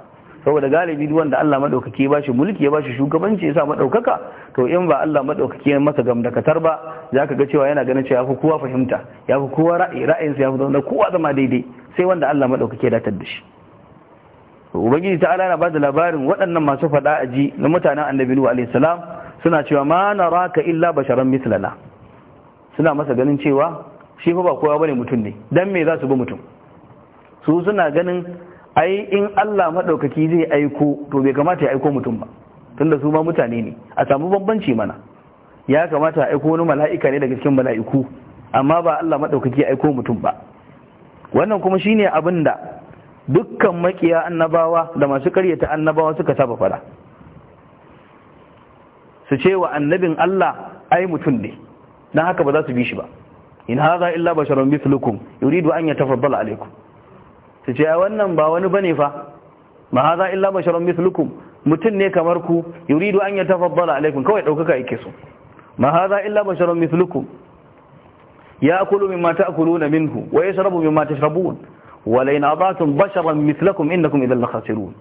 saboda galibi duk wanda Allah madaukaki ya bashi mulki ya bashi shugabanci ya sa madaukaka to in ba Allah madaukaki ya masa gamdakatar ba zaka ga cewa yana ganin cewa fi kowa fahimta fi kowa ra'ayi ra'ayinsa ya fi da kowa zama daidai sai wanda Allah madaukaki ya datar da shi ubangiji ta'ala ba da labarin waɗannan masu faɗa a ji na mutanen annabi nuhu alaihi salam suna cewa ma raka illa basharan mislana suna masa ganin cewa shi fa ba kowa ba bane mutum ne dan me za su bi mutum su suna ganin ai in Allah maɗaukaki zai aiko to bai kamata ya aiko mutum ba tunda su ma mutane ne a sami bambanci mana ya kamata a aiko wani mala'ika ne daga cikin mala'iku amma ba Allah madaukaki ya aiko mutum ba wannan kuma shine abin da dukkan makiya annabawa da masu karyata annabawa suka saba fada su ce wa annabin Allah ai mutum ne dan haka ba za su bi shi ba in haza illa basharun mithlukum yuridu an yatafaddala alaikum su ce wannan ba wani bane fa ma haza illa basharun mithlukum mutum ne kamar ku yuridu an yatafaddala alaikum kawai ɗaukaka yake so ma haza illa basharun mithlukum ya akulu mimma ta'kuluna minhu wa yashrabu mimma tashrabun walain abatum basharan inda kuma idan lakhasirun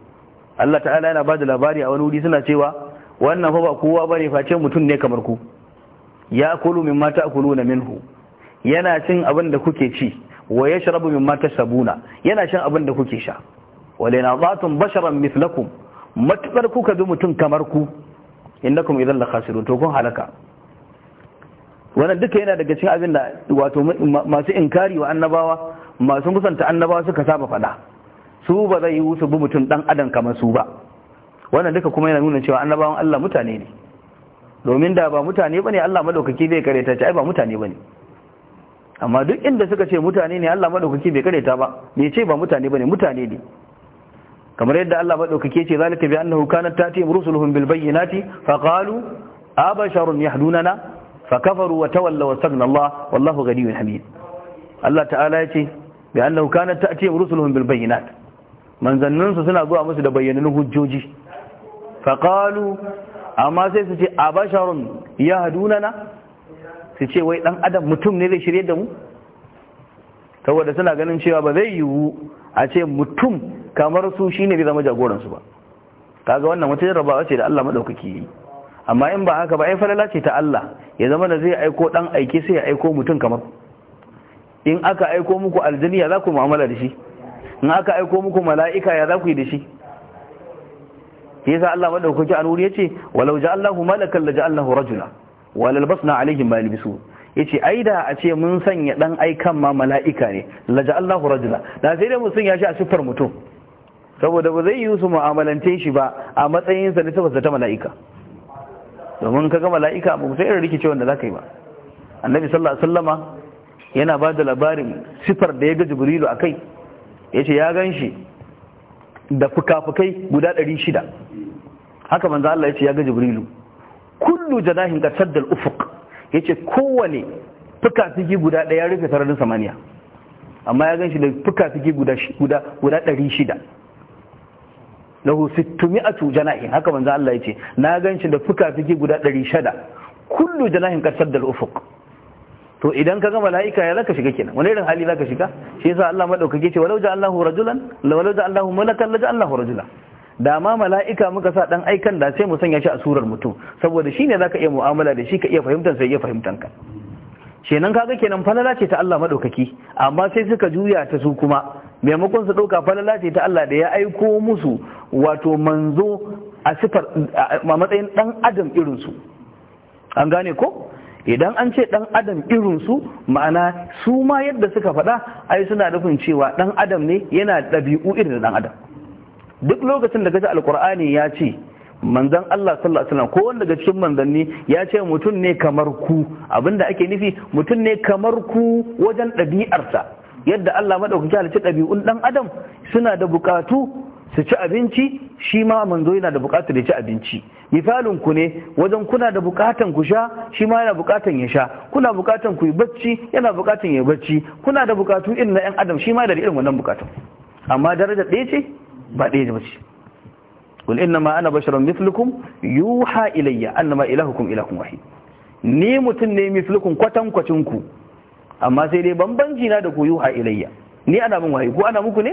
Allah ta'ala yana ba da labari a wani wuri suna cewa wannan fa ba kowa ba ne face mutum ne kamar ku ya kulu min mata mimma ta'kuluna minhu yana cin abin da kuke ci wa ya min mata sabuna. yana shan abin da kuke sha walain tun basharan mislakun. matukar kuka bi mutum kamar ku Inda kuma idan lakhasirun to kun halaka wannan duka yana daga cin abin da wato masu inkari wa annabawa masu musanta annaba suka saba faɗa su ba zai yi su bi mutum dan adam kamar su ba wannan duka kuma yana nuna cewa annabawan Allah mutane ne domin da ba mutane bane Allah madaukaki bai kareta ce ai ba mutane bane amma duk inda suka ce mutane ne Allah madaukaki bai kareta ba me ce ba mutane bane mutane ne kamar yadda Allah madaukaki ce zalika bi annahu kanat tatihim rusuluhum bil bayyinati fa qalu abasharun yahdunana fa kafaru wa tawallaw wa Allah wallahu ghaniyyun hamid Allah ta'ala ya ce bi annahu kanat ta'tihim rusuluhum bil bayyinat manzanninsu suna zuwa musu da bayyanan hujjoji qalu amma sai su ce abasharun yahdunana su ce wai dan adam mutum ne zai shirye da mu saboda suna ganin cewa ba zai yiwu a ce mutum kamar su shine zai zama jagoransu ba kaga wannan wata jarrabawa ce da Allah madaukaki yi amma in ba haka ba ai falala ce ta Allah ya zama da zai aiko dan aike sai ya aiko mutum kamar in aka aiko muku aljini ya za ku mu'amala da shi in aka aiko muku mala'ika ya za ku yi da shi yasa Allah kuke a nuri yace walau ja'alnahu malakan la ja'alnahu rajula wa lalbasna alaihim ma yalbisu yace ai da a ce mun sanya dan aikan ma mala'ika ne la ja'alnahu rajula da sai dai mun sanya shi a sifar mutum saboda ba zai yi su mu'amalance shi ba a matsayin sa na sifar ta mala'ika domin kaga mala'ika ba sai irin rikicewa da zakai yi ba annabi sallallahu alaihi wasallama yana ba da labarin sifar da ya ga jibrilu a kai ya ce ya gan shi da fuka-fukai guda 600 haka manzo Allah ya ce ya ga jibrilu kullu janahin ga saddal ufuk ya ce kowane fuka-fuki guda ɗaya ya rufe sararin samaniya amma ya gan shi da fuka-fuki guda 600 lahu tu janahin haka manzo Allah ya ce na gan shi da fuka-fuki guda 600 kullu janahin ga saddal ufuk to idan ka ga mala'ika ya zaka shiga kenan wani irin hali zaka shiga shi yasa Allah madaukake ce walau ja Allahu rajulan walau ja malakan la ja rajula da ma mala'ika muka sa dan aikan da sai mu sanya shi a surar mutum saboda shine zaka iya mu'amala da shi ka iya fahimtar sai iya fahimtar ka kenan kaga kenan falala ce ta Allah madaukaki amma sai suka juya ta su kuma maimakon su dauka falala ce ta Allah da ya aiko musu wato manzo a sifar a matsayin dan adam irin su an gane ko idan an ce ɗan adam irinsu ma'ana su ma yadda suka faɗa ai suna nufin cewa ɗan adam ne yana ɗabi'u irin dan adam duk lokacin da kaji alkur'ani ya ce manzan Allah sallallahu alaihi wasallam daga cikin manzanni ya ce mutum ne kamar ku abinda ake nufi mutum ne kamar ku wajen ɗabi'arsa yadda Allah madaukaki halicci ɗabi'un ɗan adam suna da bukatu su ci abinci shi ma manzo yana da bukatar ya ci abinci misalin ku ne wajen kuna da bukatan ku sha shi ma yana bukatan ya sha kuna bukatan ku yi bacci yana bukatan ya bacci kuna da bukatu irin na yan adam shi ma da irin wannan bukatun amma daraja ɗaya ce ba ɗaya ba ce kul inna ma ana basharun mislukum yuha ilayya annama ilahukum ilahun wahid ni mutum ne mislukum kwatan kwacin ku amma sai dai bambanci na da ku yuha ilayya ni ana min wahayi ku ana muku ne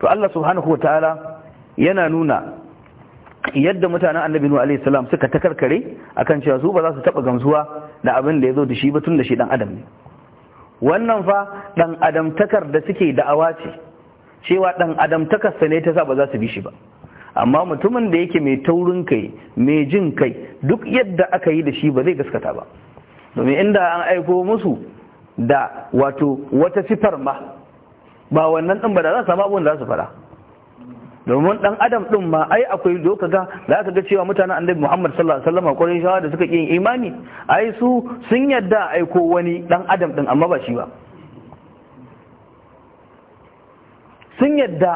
to Allah subhanahu wataala yana nuna yadda mutanen annabi nuhu alaihi salam suka takarkare akan cewa su ba za su taba gamsuwa da abin da ya zo da shi ba tun da shi dan adam ne wannan fa dan adamtakar da suke da'awa ce cewa dan adamtakar sa ne ta sa ba za su bi shi ba amma mutumin da yake mai taurin kai mai jin kai duk yadda aka yi da shi ba zai gaskata ba domin inda an aiko musu da wato wata sifar ma ba wannan din ba da za su samu abin da za su fara domin dan adam din ma ai akwai zo kaga za ka ga cewa mutanen annabi Muhammad sallallahu alaihi wasallam kwarin shawa da suka yin imani ai su sun yadda aiko wani dan adam din amma ba shi ba sun yadda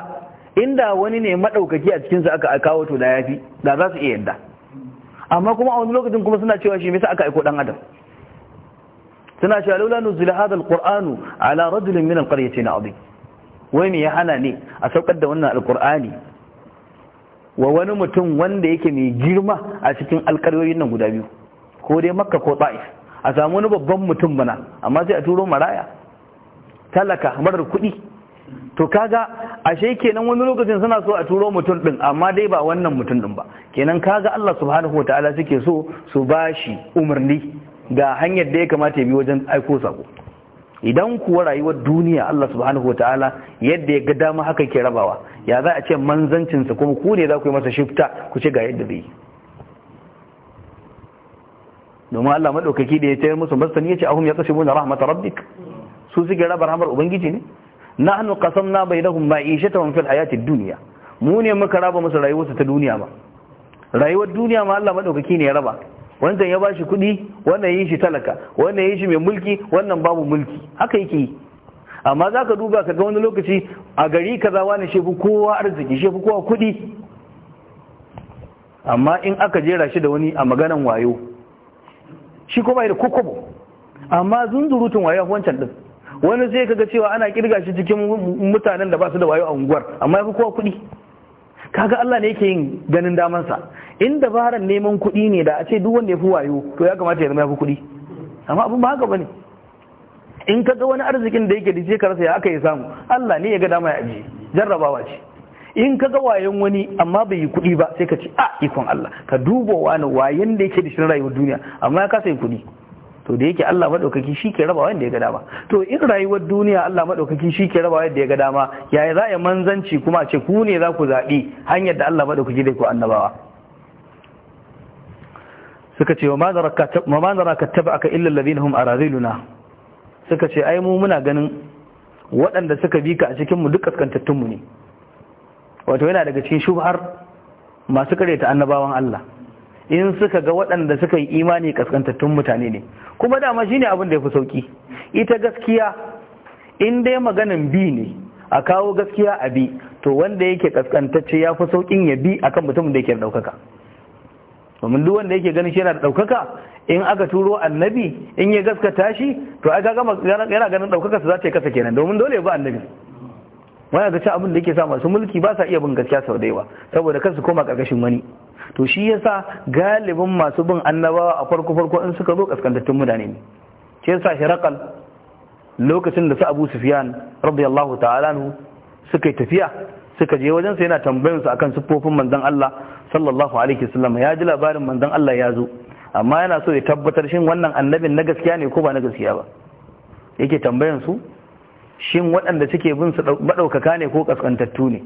inda wani ne madaukaki a cikin su aka kawo to da yafi da za su iya yadda amma kuma a wani lokacin kuma suna cewa shi me yasa aka aiko dan adam suna cewa laula nuzila hadha alqur'anu ala rajulin min alqaryatin adhim wai me ya hana ne a saukar da wannan alkur'ani wa wani mutum wanda yake mai girma a cikin alkaryoyin nan guda biyu ko dai makka ko ta'if a samu wani babban mutum bana amma sai a turo maraya talaka marar kuɗi to kaga ashe kenan wani lokacin suna so a turo mutum din amma dai ba wannan mutum din ba kenan kaga Allah subhanahu wataala suke so su bashi umarni ga hanyar da ya kamata ya bi wajen aiko sako idan kuwa rayuwar duniya Allah subhanahu ta'ala, yadda ya ga dama haka ke rabawa ya za a ce manzancinsa kuma ku ne za ku yi masa shifta ku ce ga yadda zai domin Allah maɗaukaki da ya tayar musu masani ya ce ahum ya kashe buna rahmatar rabbik su suke raba rahmar ubangiji ne na hannu kasam na bai lahun ma ishe ta hayatin duniya mu ne muka raba musu rayuwarsu ta duniya ba rayuwar duniya ma Allah maɗaukaki ne ya raba wannan ya bashi kuɗi wannan yi shi talaka wannan yi shi mai mulki wannan babu mulki haka yake yi amma za ka duba ka ga wani lokaci a gari kaza wani shefu kowa arziki shefu kowa kuɗi amma in aka jera shi da wani a maganan wayo shi kuma da kokobo amma zunzurutun wayo wancan din wani sai kaga cewa ana kirga shi cikin mutanen da ba su da wayo a unguwar amma ya fi kowa kuɗi kaga Allah ne yake yin ganin damansa in dabarar neman kuɗi ne da a ce duk wanda ya fi wayo to ya kamata ya zama ya fi kuɗi amma abin ba haka bane in ka ga wani arzikin da yake da sai ka rasa ya aka yi samu Allah ne ya ga dama ya ajiye, jarrabawa ce in ka ga wayan wani amma bai yi kuɗi ba sai ka ce a ah, ikon Allah ka duba wani wayan da yake da shirin rayuwar duniya amma ya kasa yin kuɗi to da yake Allah madaukaki shi ke rabawa yadda ya ga dama to in rayuwar duniya Allah madaukaki shi ke rabawa yadda ya ga dama yaya za a manzanci kuma ce ku ne za ku zaɓi hanyar da Allah madaukaki da ku annabawa suka ce wa ma zara ka taba aka illa ladina hum araziluna suka ce ai mu muna ganin waɗanda suka bi ka a cikin mu duk kaskantattun mu ne wato yana daga cikin shubhar masu ta annabawan Allah in suka ga waɗanda suka yi imani kaskantattun mutane ne kuma dama shine abin da ya fi sauki ita gaskiya in dai maganin bi ne a kawo gaskiya a bi to wanda yake kaskantacce ya fi saukin ya bi a kan mutumin da yake ɗaukaka domin duk wanda yake ganin shi yana da ɗaukaka in aka turo annabi in ya gaskata shi to ai gama yana ganin ɗaukaka su za ta yi kasa kenan domin dole ya bi annabi wani ga abin da yake sa masu mulki ba sa iya bin gaskiya sau da yawa saboda kar su koma ƙarƙashin wani to shi yasa galibin masu bin annabawa a farko farko in suka zo kaskantattun mutane ne shi yasa hirakal lokacin da su abu sufiyan radiyallahu ta'ala nu suka yi tafiya suka je wajen sai yana tambayin su akan siffofin manzon Allah sallallahu alaihi wasallam ya ji labarin manzon Allah ya zo amma yana so ya tabbatar shin wannan annabin na gaskiya ne ko ba na gaskiya ba yake tambayan su shin waɗanda suke bin su maɗaukaka ne ko kaskantattu ne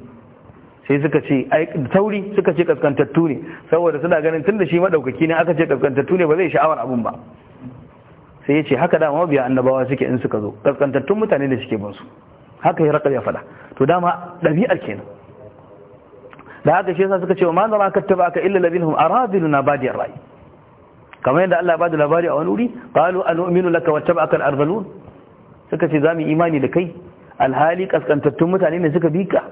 sai suka ce ai tauri suka ce kaskantattu ne saboda suna ganin tun da shi maɗaukaki ne aka ce kaskantattu ne ba zai sha'awar abun ba sai ya ce haka dama biya annabawa suke in suka zo kaskantattun mutane da suke bin su haka ya raka ya faɗa to dama ɗabi'ar kenan da haka shi yasa suka ce wa ma zama ka taba ka illa labinhum na badiyar rai kamar yadda Allah ya bada labari a wani wuri qalu anu'minu laka wattaba'aka al-arzalun suka ce za mu imani da kai alhali kaskantattun mutane ne suka bi ka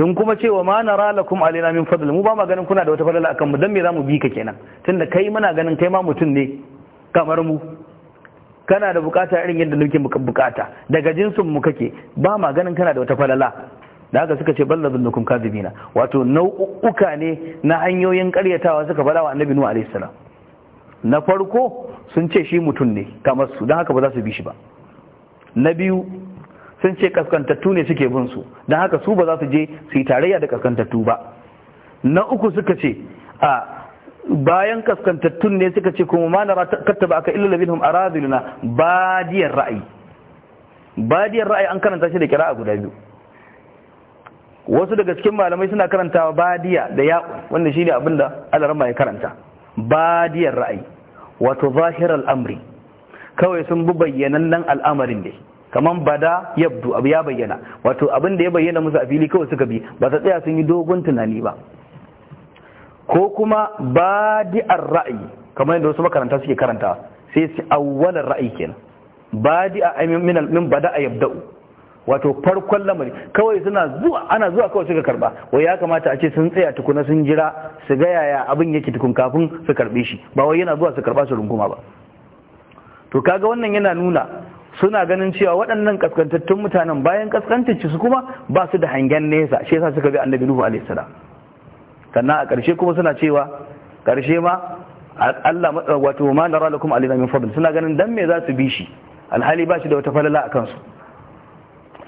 sun kuma ce wa ma nara lakum alaina min fadl mu ba ma ganin kuna da wata fadala akan mu dan me za zamu bi ka kenan tunda kai muna ganin kai ma mutum ne kamar mu kana da bukata irin yadda nake muka bukata daga jinsin mu kake ba ma ganin kana da wata falala da haka suka ce balla zunnukum kadibina wato nau'uka ne na hanyoyin karyatawa suka fada wa annabi nuhu alaihi salam na farko sun ce shi mutum ne kamar su don haka ba za su bi shi ba na biyu sun ce kaskantattu ne suke bin su don haka su ba za su je su yi tarayya da kaskantattu ba na uku suka ce a bayan kaskantattun ne suka ce kuma ma na kattaba aka illa labinhum araziluna badiyar ra'ayi badiyar ra'ayi an karanta shi da kira a guda biyu wasu daga cikin malamai suna karantawa badiya da ya wanda shine abin da alarma ya karanta badiyar ra'ayi wato zahirar al'amri kawai sun bi bayyanannen al'amarin ne kaman bada yabdu abu ya bayyana wato abin da ya bayyana musu a fili kawai suka bi ba ta tsaya sun yi dogon tunani ba ko kuma badi'ar ra'ayi kamar yadda wasu makaranta suke karanta sai su awwalar ra'ayi kenan badi'a min min a yabda'u wato farkon lamari kawai suna zuwa ana zuwa kawai suka karba wai ya kamata a ce sun tsaya tukuna sun jira su ga yaya abin yake tukun kafin su karbe shi ba wai yana zuwa su karba su runguma ba to kaga wannan yana nuna suna ganin cewa waɗannan kaskantattun mutanen bayan kaskantacci su kuma ba su da hangen nesa shi yasa suka bi annabi nuhu alaihi salam sannan a ƙarshe kuma suna cewa ƙarshe ma Allah wato ma nara lakum alaina min fadl suna ganin dan me za su bi shi alhali ba shi da wata falala a kansu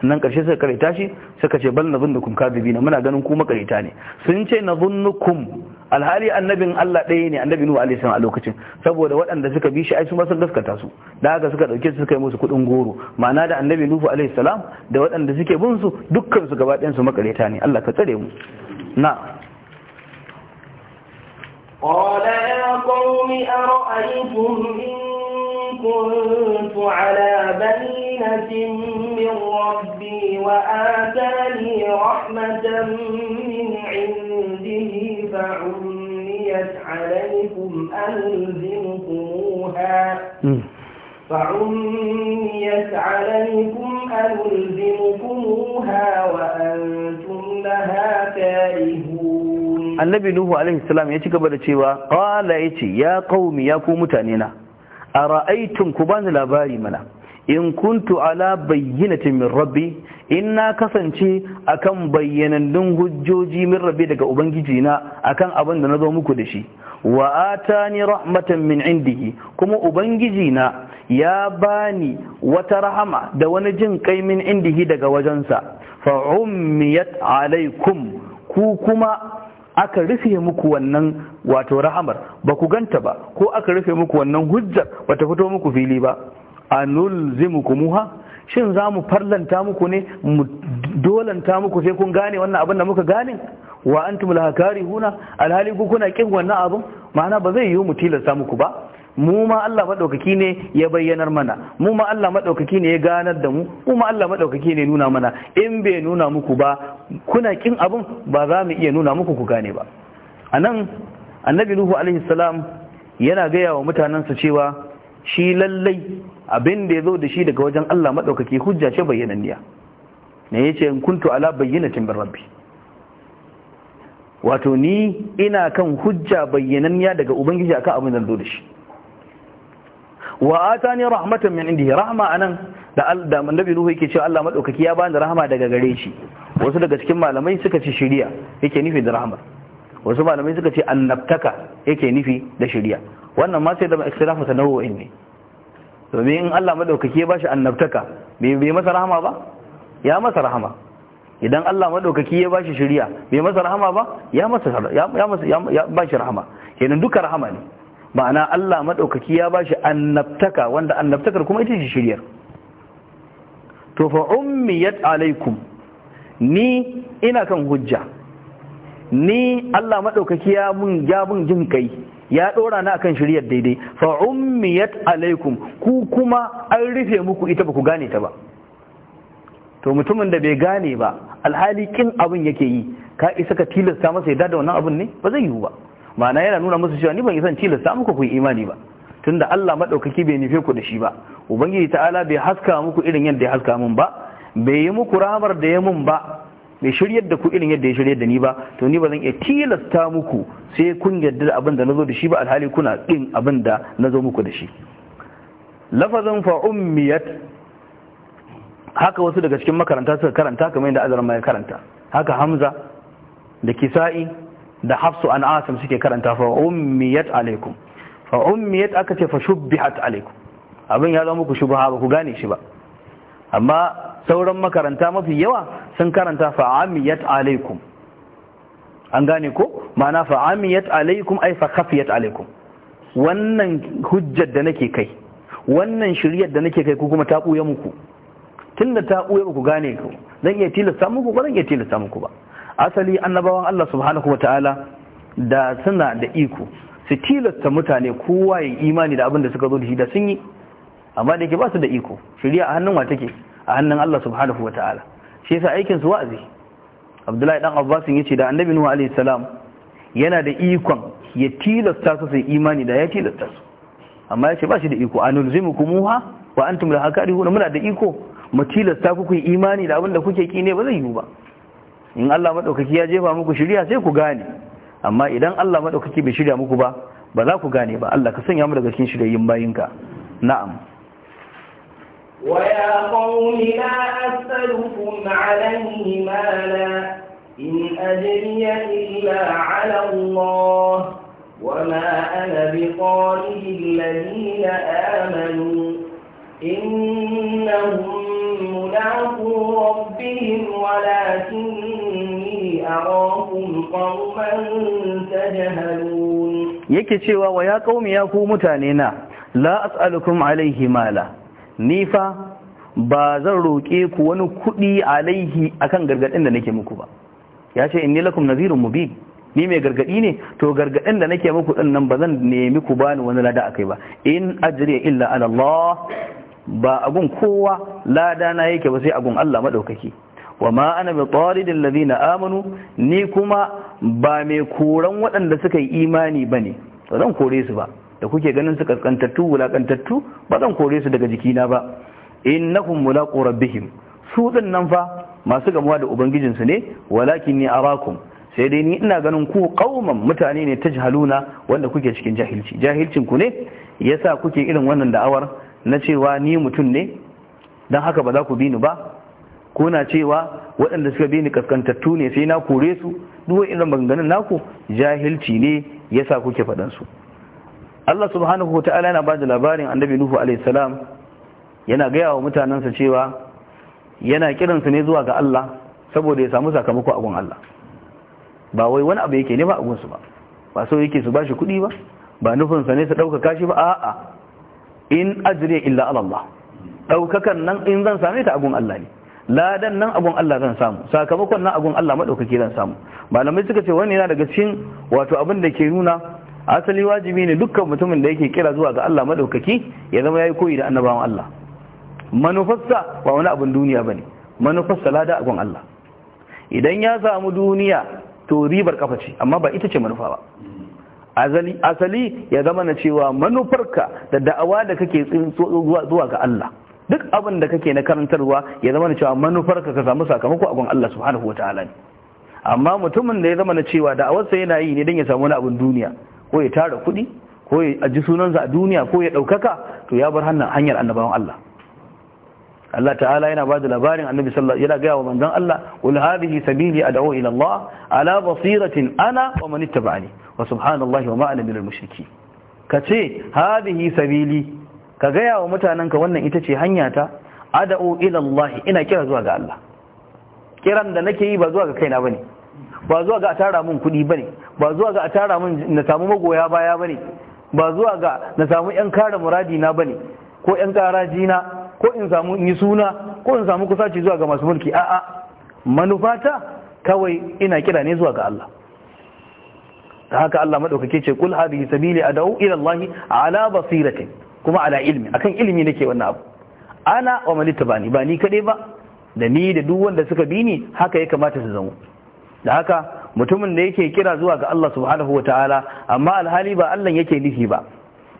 nan karshe suka karita shi suka ce bal nadhunnukum kadhibina muna ganin ku makarita ne sun ce nadhunnukum alhali annabin Allah ɗaya ne annabi Nuhu alaihi salam a lokacin saboda waɗanda suka bi shi ai su ma sun gaskata su da haka suka dauke su suka yi musu kudin goro ma'ana da annabi Nuhu alaihi salam da waɗanda suke bin su dukkan su gaba ɗayan su makarita ne Allah ka tsare mu na قال يا قوم أرأيتم إن كنت على بينة من ربي وآتاني رحمة من عنده فعميت عليكم ألزمكموها فعميت عليكم ألزمكموها وأنتم لها كارهون النبي نوح عليه السلام يتي قبل قال يتي يا قوم يا قوم تانينا أرأيتم كبان لاباري منا in kuntu ala bayyinatin min rabbi in na kasance akan bayyanannun hujjoji min rabbi daga ubangiji na akan abin da na zo muku da shi wa atani rahmatan min indihi kuma ubangiji na ya bani wata rahama da wani jin kai min indihi daga wajensa fa ummiyat alaikum ku kuma aka rufe muku wannan wato rahamar ba ku ganta ba ko aka rufe muku wannan hujjar ta fito muku fili ba anul muha? shin za mu farlanta muku ne mu dolanta muku sai kun gane wannan abin da muka gane wa antum lahakari huna alhali ku kuna kin wannan abin ma'ana ba zai yiwu mu tilasta muku ba mu ma Allah madaukaki ne ya bayyanar mana mu ma Allah madaukaki ne ya ganar da mu mu ma Allah madaukaki ne nuna mana in bai nuna muku ba kuna kin abin ba za mu iya nuna muku ku gane ba anan annabi nuhu alaihi salam yana gaya wa mutanansa cewa shi lallai abin da ya zo da shi daga wajen Allah maɗaukaki hujja ce niya na ya ce kuntu ala bayyana bin rabbi wato ni ina kan hujja niya daga ubangiji akan abin da zo da shi wa atani rahmatan min indihi rahma anan da da annabi ruhu yake cewa Allah maɗaukaki ya bani rahama daga gare shi wasu daga cikin malamai suka ce shiriya yake nufi da rahma. wasu malamai suka ce annabtaka yake nufi da shiriya wannan ma sai da ikhtilafu tanawu'in ne domin in Allah madaukake ya bashi annabtaka bai masa rahama ba ya masa rahama idan Allah madaukake ya bashi shari'a bai masa rahama ba ya masa ya masa ya bashi rahama kenan duka rahama ne ma'ana Allah madaukake ya bashi annabtaka wanda annabtakar kuma ita ce shari'ar to fa ummiyat alaikum ni ina kan hujja ni Allah madaukake ya mun ya mun jin kai ya dora na akan shiriyar daidai fa ummiyat alaikum ku kuma an rufe muku ita ba ku gane ta ba to mutumin da bai gane ba alhali kin abin yake yi ka isa ka tilasta masa ya da wannan abin ne ba zai yiwu ba ma'ana yana nuna musu cewa ni ban isa tilasta muku ku yi imani ba tunda Allah madaukaki bai nufe ku da shi ba ubangiji ta'ala bai haska muku irin yadda ya haska mun ba bai yi muku ramar da ya mun ba bai shiryar da ku irin yadda ya shiryar da ni ba to ni ba zan iya tilasta muku sai kun yarda da abin da nazo da shi ba alhali kuna din abin da nazo muku da shi lafazan fa ummiyat haka wasu daga cikin makaranta suka karanta kamar yadda azar ya karanta haka hamza da kisa'i da hafsu an asim suke karanta fa ummiyat alaikum fa ummiyat aka ce fa shubbihat alaikum abin ya zama muku shubha ba ku gane shi ba amma sauran makaranta mafi yawa sun karanta fa'amiyat alaikum an gane ko ma'ana fa'amiyat alaikum ai fa alaikum wannan hujjar da nake kai wannan shiryar da nake kai ku kuma ta ɓuya muku tunda ta ɓuya muku gane ku zan iya tilasta muku ba zan iya tilasta muku ba asali annabawan Allah subhanahu wa ta'ala da suna da iko su tilasta mutane kowa ya imani da abin da suka zo da shi da sun yi amma da yake ba su da iko shari'a a hannun wa take a hannun Allah subhanahu wataala shi yasa aikin su wa'azi Abdullahi dan Abbas ya ce da Annabi Nuhu alaihi salam yana da ikon ya tilasta su su imani da ya tilasta su amma ce ba shi da iko zimukumuha wa antum la karihun muna da iko mu tilasta ku ku imani da abin da kuke ki ne ba zai yiwu ba in Allah madaukaki ya jefa muku shari'a sai ku gane amma idan Allah madaukaki bai shirya muku ba ba za ku gane ba Allah ka sanya mu daga cikin shiryayin bayinka na'am ويا قوم لا أسألكم عليه مالا إن أجري إلا على الله وما أنا بطارد الذين آمنوا إنهم ملاقو ربهم ولكني أراكم قوما تجهلون yake cewa wa ya kaumi ya ku mutane na la as'alukum alaihi mala ni fa ba zan roƙe ku wani kuɗi alaihi akan gargaɗin da nake muku ba ya ce inni lakum nazirun mubin ni mai gargaɗi ne to gargaɗin da nake muku ɗin nan ba zan nemi ku bani wani lada akai ba in ajiye illa ala Allah ba agun kowa lada na yake ba sai agun Allah maɗaukaki wa ma ana bi taridil ladina amanu ni kuma ba mai koran waɗanda suka yi imani bane zan kore su ba da kuke ganin su kaskantattu wulakantattu ba zan kore su daga jikina ba innahum mulaqu rabbihim su din nan fa masu gamuwa da ubangijin su ne walakin ni arakum sai dai ni ina ganin ku qauman mutane ne tajhaluna wanda kuke cikin jahilci jahilcin ku ne yasa kuke irin wannan da'awar na cewa ni mutum ne dan haka ba za ku bi ni ba na cewa waɗanda suka bi ni kaskantattu ne sai na kore su duk irin maganganun naku jahilci ne yasa kuke faɗan su Allah subhanahu wa ta'ala yana ba da labarin annabi Nuhu salam yana gaya wa mutanensa cewa yana kiransu ne zuwa ga Allah saboda ya samu sakamako a gun Allah ba wai wani abu yake nema a gunsu ba ba so yake su ba shi kuɗi ba ba nufinsa ne su ɗaukaka shi ba a'a in ajire illa Allah ɗaukakan nan in zan same ta gun Allah ne ladan nan abun Allah zan samu sakamakon nan abun Allah maɗaukaki zan samu malamai suka ce wani yana daga cikin wato abin da ke nuna asali wajibi ne dukkan mutumin da yake kira zuwa ga Allah madaukaki ya zama yayi koyi da annabawan Allah manufarsa ba wani abin duniya bane manufarsa lada a gun Allah idan ya samu duniya to ribar kafa ce amma ba ita ce manufa ba azali asali ya zama na cewa manufarka da da'awa da kake zuwa ga Allah duk abin da kake na karantarwa ya zama na cewa manufarka ka samu sakamako a gun Allah subhanahu wataala ne amma mutumin da ya zama na cewa da'awarsa yana yi ne dan ya samu wani abin duniya ko ya tara kuɗi ko ya aji sunansa a duniya ko ya ɗaukaka to ya bar hannun hanyar annabawan Allah Allah ta'ala yana ba da labarin annabi sallallahu yana gaya wa manzon Allah wal hadhihi sabili ad'u ila Allah ala basiratin ana wa man ittaba'ani wa subhanallahi wa ma ana minal mushriki kace hadhihi sabili ka gaya wa ka wannan ita ce ta ad'u ila Allah ina kira zuwa ga Allah kiran da nake yi ba zuwa ga kaina bane ba zuwa ga a tara mun kuɗi bane ba zuwa ga a tara min na samu magoya baya bane ba zuwa ga na samu yan kare muradi na bane ko yan karaji na ko in samu in yi suna ko in samu ci zuwa ga masu mulki a'a manufata kawai ina kira ne zuwa ga Allah ta haka Allah madaukake ce kul hadhihi sabili ad'u ila Allah ala basiratin kuma ala ilmi akan ilmi nake wannan abu ana wa man ba ni kade ba da ni da duk wanda suka bi ni haka ya kamata su zamo da haka mutumin da yake kira zuwa ga Allah subhanahu wataala amma alhali ba Allah yake nufi ba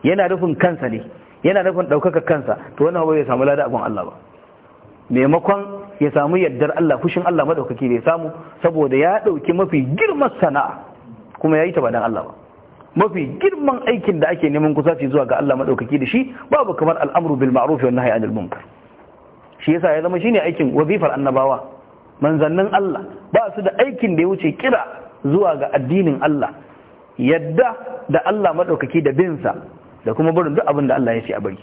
yana nufin kansa ne yana nufin ɗaukaka kansa to wannan ba zai samu lada abin Allah ba maimakon ya samu yardar Allah fushin Allah madaukaki bai samu saboda ya ɗauki mafi girman sana'a kuma ya yi ta ba Allah ba mafi girman aikin da ake neman kusaci zuwa ga Allah madaukaki da shi babu kamar al'amru bil ma'ruf wa nahyi anil munkar shi yasa ya zama shine aikin wazifar annabawa manzannin Allah ba su da aikin da ya wuce kira zuwa ga addinin Allah yadda da Allah maɗaukaki da binsa da kuma barin duk abin da Allah ya ce a bari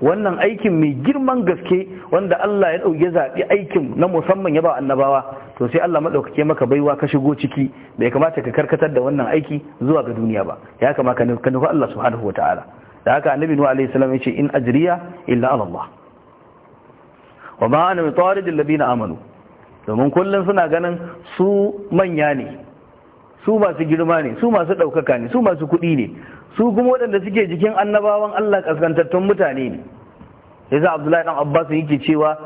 wannan aikin mai girman gaske wanda Allah ya ɗauke zaɓi aikin na musamman ya ba annabawa to sai Allah maɗaukake maka baiwa ka shigo ciki bai kamata ka karkatar da wannan aiki zuwa ga duniya ba ya kamata ka nufi Allah subhanahu wa ta'ala da haka annabi nuhu alaihi salam yace in ajriya illa ala Allah wa ma ana bi alladhina amanu domin kullum suna ganin su manya ne su masu girma ne su masu ɗaukaka ne su masu kuɗi ne su kuma waɗanda suke jikin annabawan Allah ƙasƙantattun mutane ne yasa abdullahi ɗan abbasu yake cewa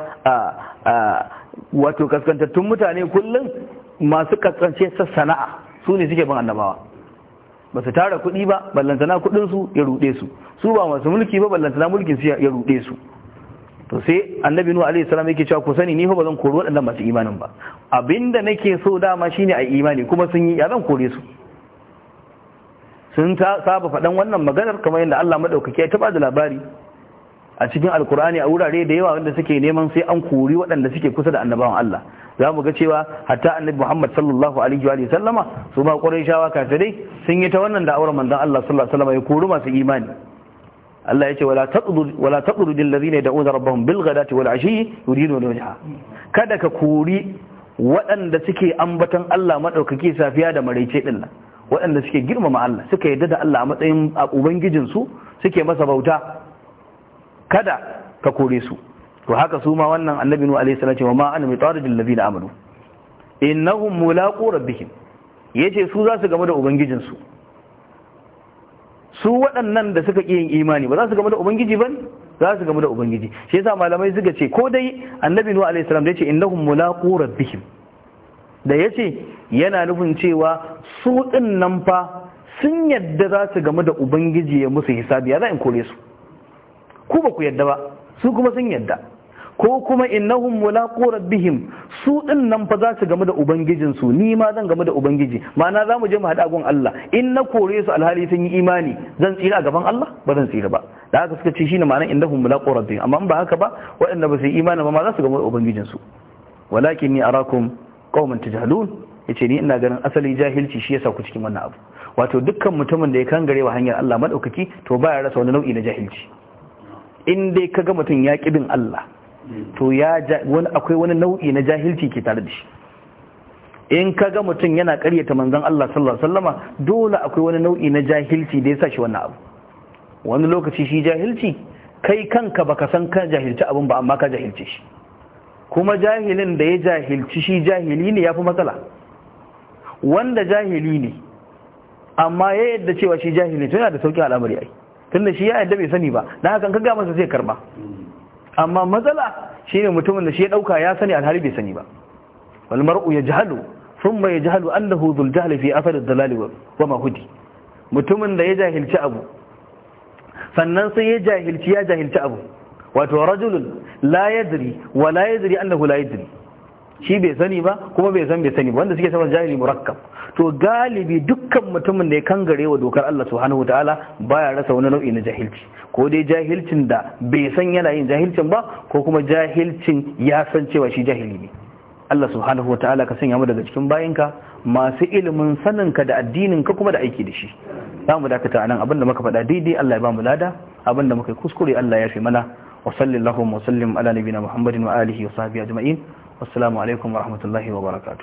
wato ƙasƙantattun mutane kullum masu kaskance sana'a su ne suke bin annabawa ba su tara kuɗi ba ballantana kuɗinsu ya ruɗe su su ba masu mulki ba ballantana mulkin su ya ruɗe su to sai annabi nuhu alaihi salam yake cewa ku sani ni fa bazan kori waɗannan masu imanin ba abinda nake so dama shine a imani kuma sun yi ya zan kore su sun saba faɗan wannan maganar kamar yadda Allah madaukaki ya taba da labari a cikin alkur'ani a wurare da yawa wanda suke neman sai an kori waɗanda suke kusa da annabawan Allah za mu ga cewa hatta annabi Muhammad sallallahu alaihi wa sallama su ma shawa kafirai sun yi ta wannan da'awar manzon Allah sallallahu alaihi wa sallama ya kori masu imani Allah ya ce wala taqdur wala taqdur lil ladina yad'una rabbahum bil ghadati wal ashi da wajha kada ka kori waɗanda suke ambatan Allah maɗaukaki safiya da maraice din nan waɗanda suke girmama Allah suka yadda da Allah a matsayin ubangijin su suke masa bauta kada ka kore su to haka su ma wannan annabi nu alaihi salatu wa ma ana mutarijil ladina amanu innahum mulaqu rabbihim yace su za su game da ubangijin su su waɗannan da suka ƙi yin imani ba za su gamu da ubangiji ba za su gamu da ubangiji shi yasa malamai suka ce ko dai annabi nuhu alaihi salam da yace innahum mulaqu rabbihim da yace yana nufin cewa su din nan fa sun yadda za su gamu da ubangiji ya musu hisabi ya za in kore su ku ba ku yadda ba su kuma sun yadda ko kuma innahum mulaqu rabbihim su din nan fa za su game da ubangijin su ni ma zan game da ubangiji ma'ana za mu je mu hada gun Allah in na kore su alhali sun yi imani zan tsira gaban Allah ba zan tsira ba da haka suka ce shine ma'ana innahum mulaqu rabbihim amma ba haka ba waɗanda ba su yi imani ba ma za su game da ubangijin su walakin ni arakum qauman tajhalun yace ni ina ganin asali jahilci shi yasa ku cikin wannan abu wato dukkan mutumin da ya kangare wa hanyar Allah madaukaki to baya rasa wani nau'i na jahilci in dai kaga mutum ya kibin Allah to ya wani akwai wani nau'i na jahilci ke tare da shi in ka ga mutum yana karyata manzon Allah sallallahu alaihi wasallama dole akwai wani nau'i na jahilci da ya sa shi wannan abu wani lokaci shi jahilci kai kanka baka san ka jahilci abun ba amma ka jahilci shi kuma jahilin da ya jahilci shi jahili ne yafi matsala wanda jahili ne amma ya yadda cewa shi jahili to yana da sauƙin al'amari ai tunda shi ya yadda bai sani ba dan haka kaga masa sai karba amma matsala shi ne mutumin da shi ya ɗauka ya sani alhali bai sani ba wal mar'u yajhalu jihalu? yajhalu annahu dhul fi wa mutumin da ya jahilci abu sannan sai ya jahilci ya jahilci abu wato rajulun la yadri wa la yadri annahu la yadri shi bai sani ba kuma bai san bai sani ba wanda suke saman jahili murakkab to galibi dukkan mutumin da ya kangare wa dokar Allah subhanahu ta'ala baya rasa wani nau'i na jahilci ko dai jahilcin da bai san yana yin jahilcin ba ko kuma jahilcin ya san cewa shi jahili ne Allah subhanahu ta'ala ka sanya mu daga cikin bayinka masu ilimin sanin ka da addinin ka kuma da aiki da shi za mu dakata anan abin da muka faɗa daidai Allah ya ba mu lada abinda da muka yi kuskure Allah ya fi mana wa sallallahu wa sallim ala nabiyina Muhammadin wa alihi wa sahbihi ajma'in wassalamu alaikum warahmatullahi wabarakatuh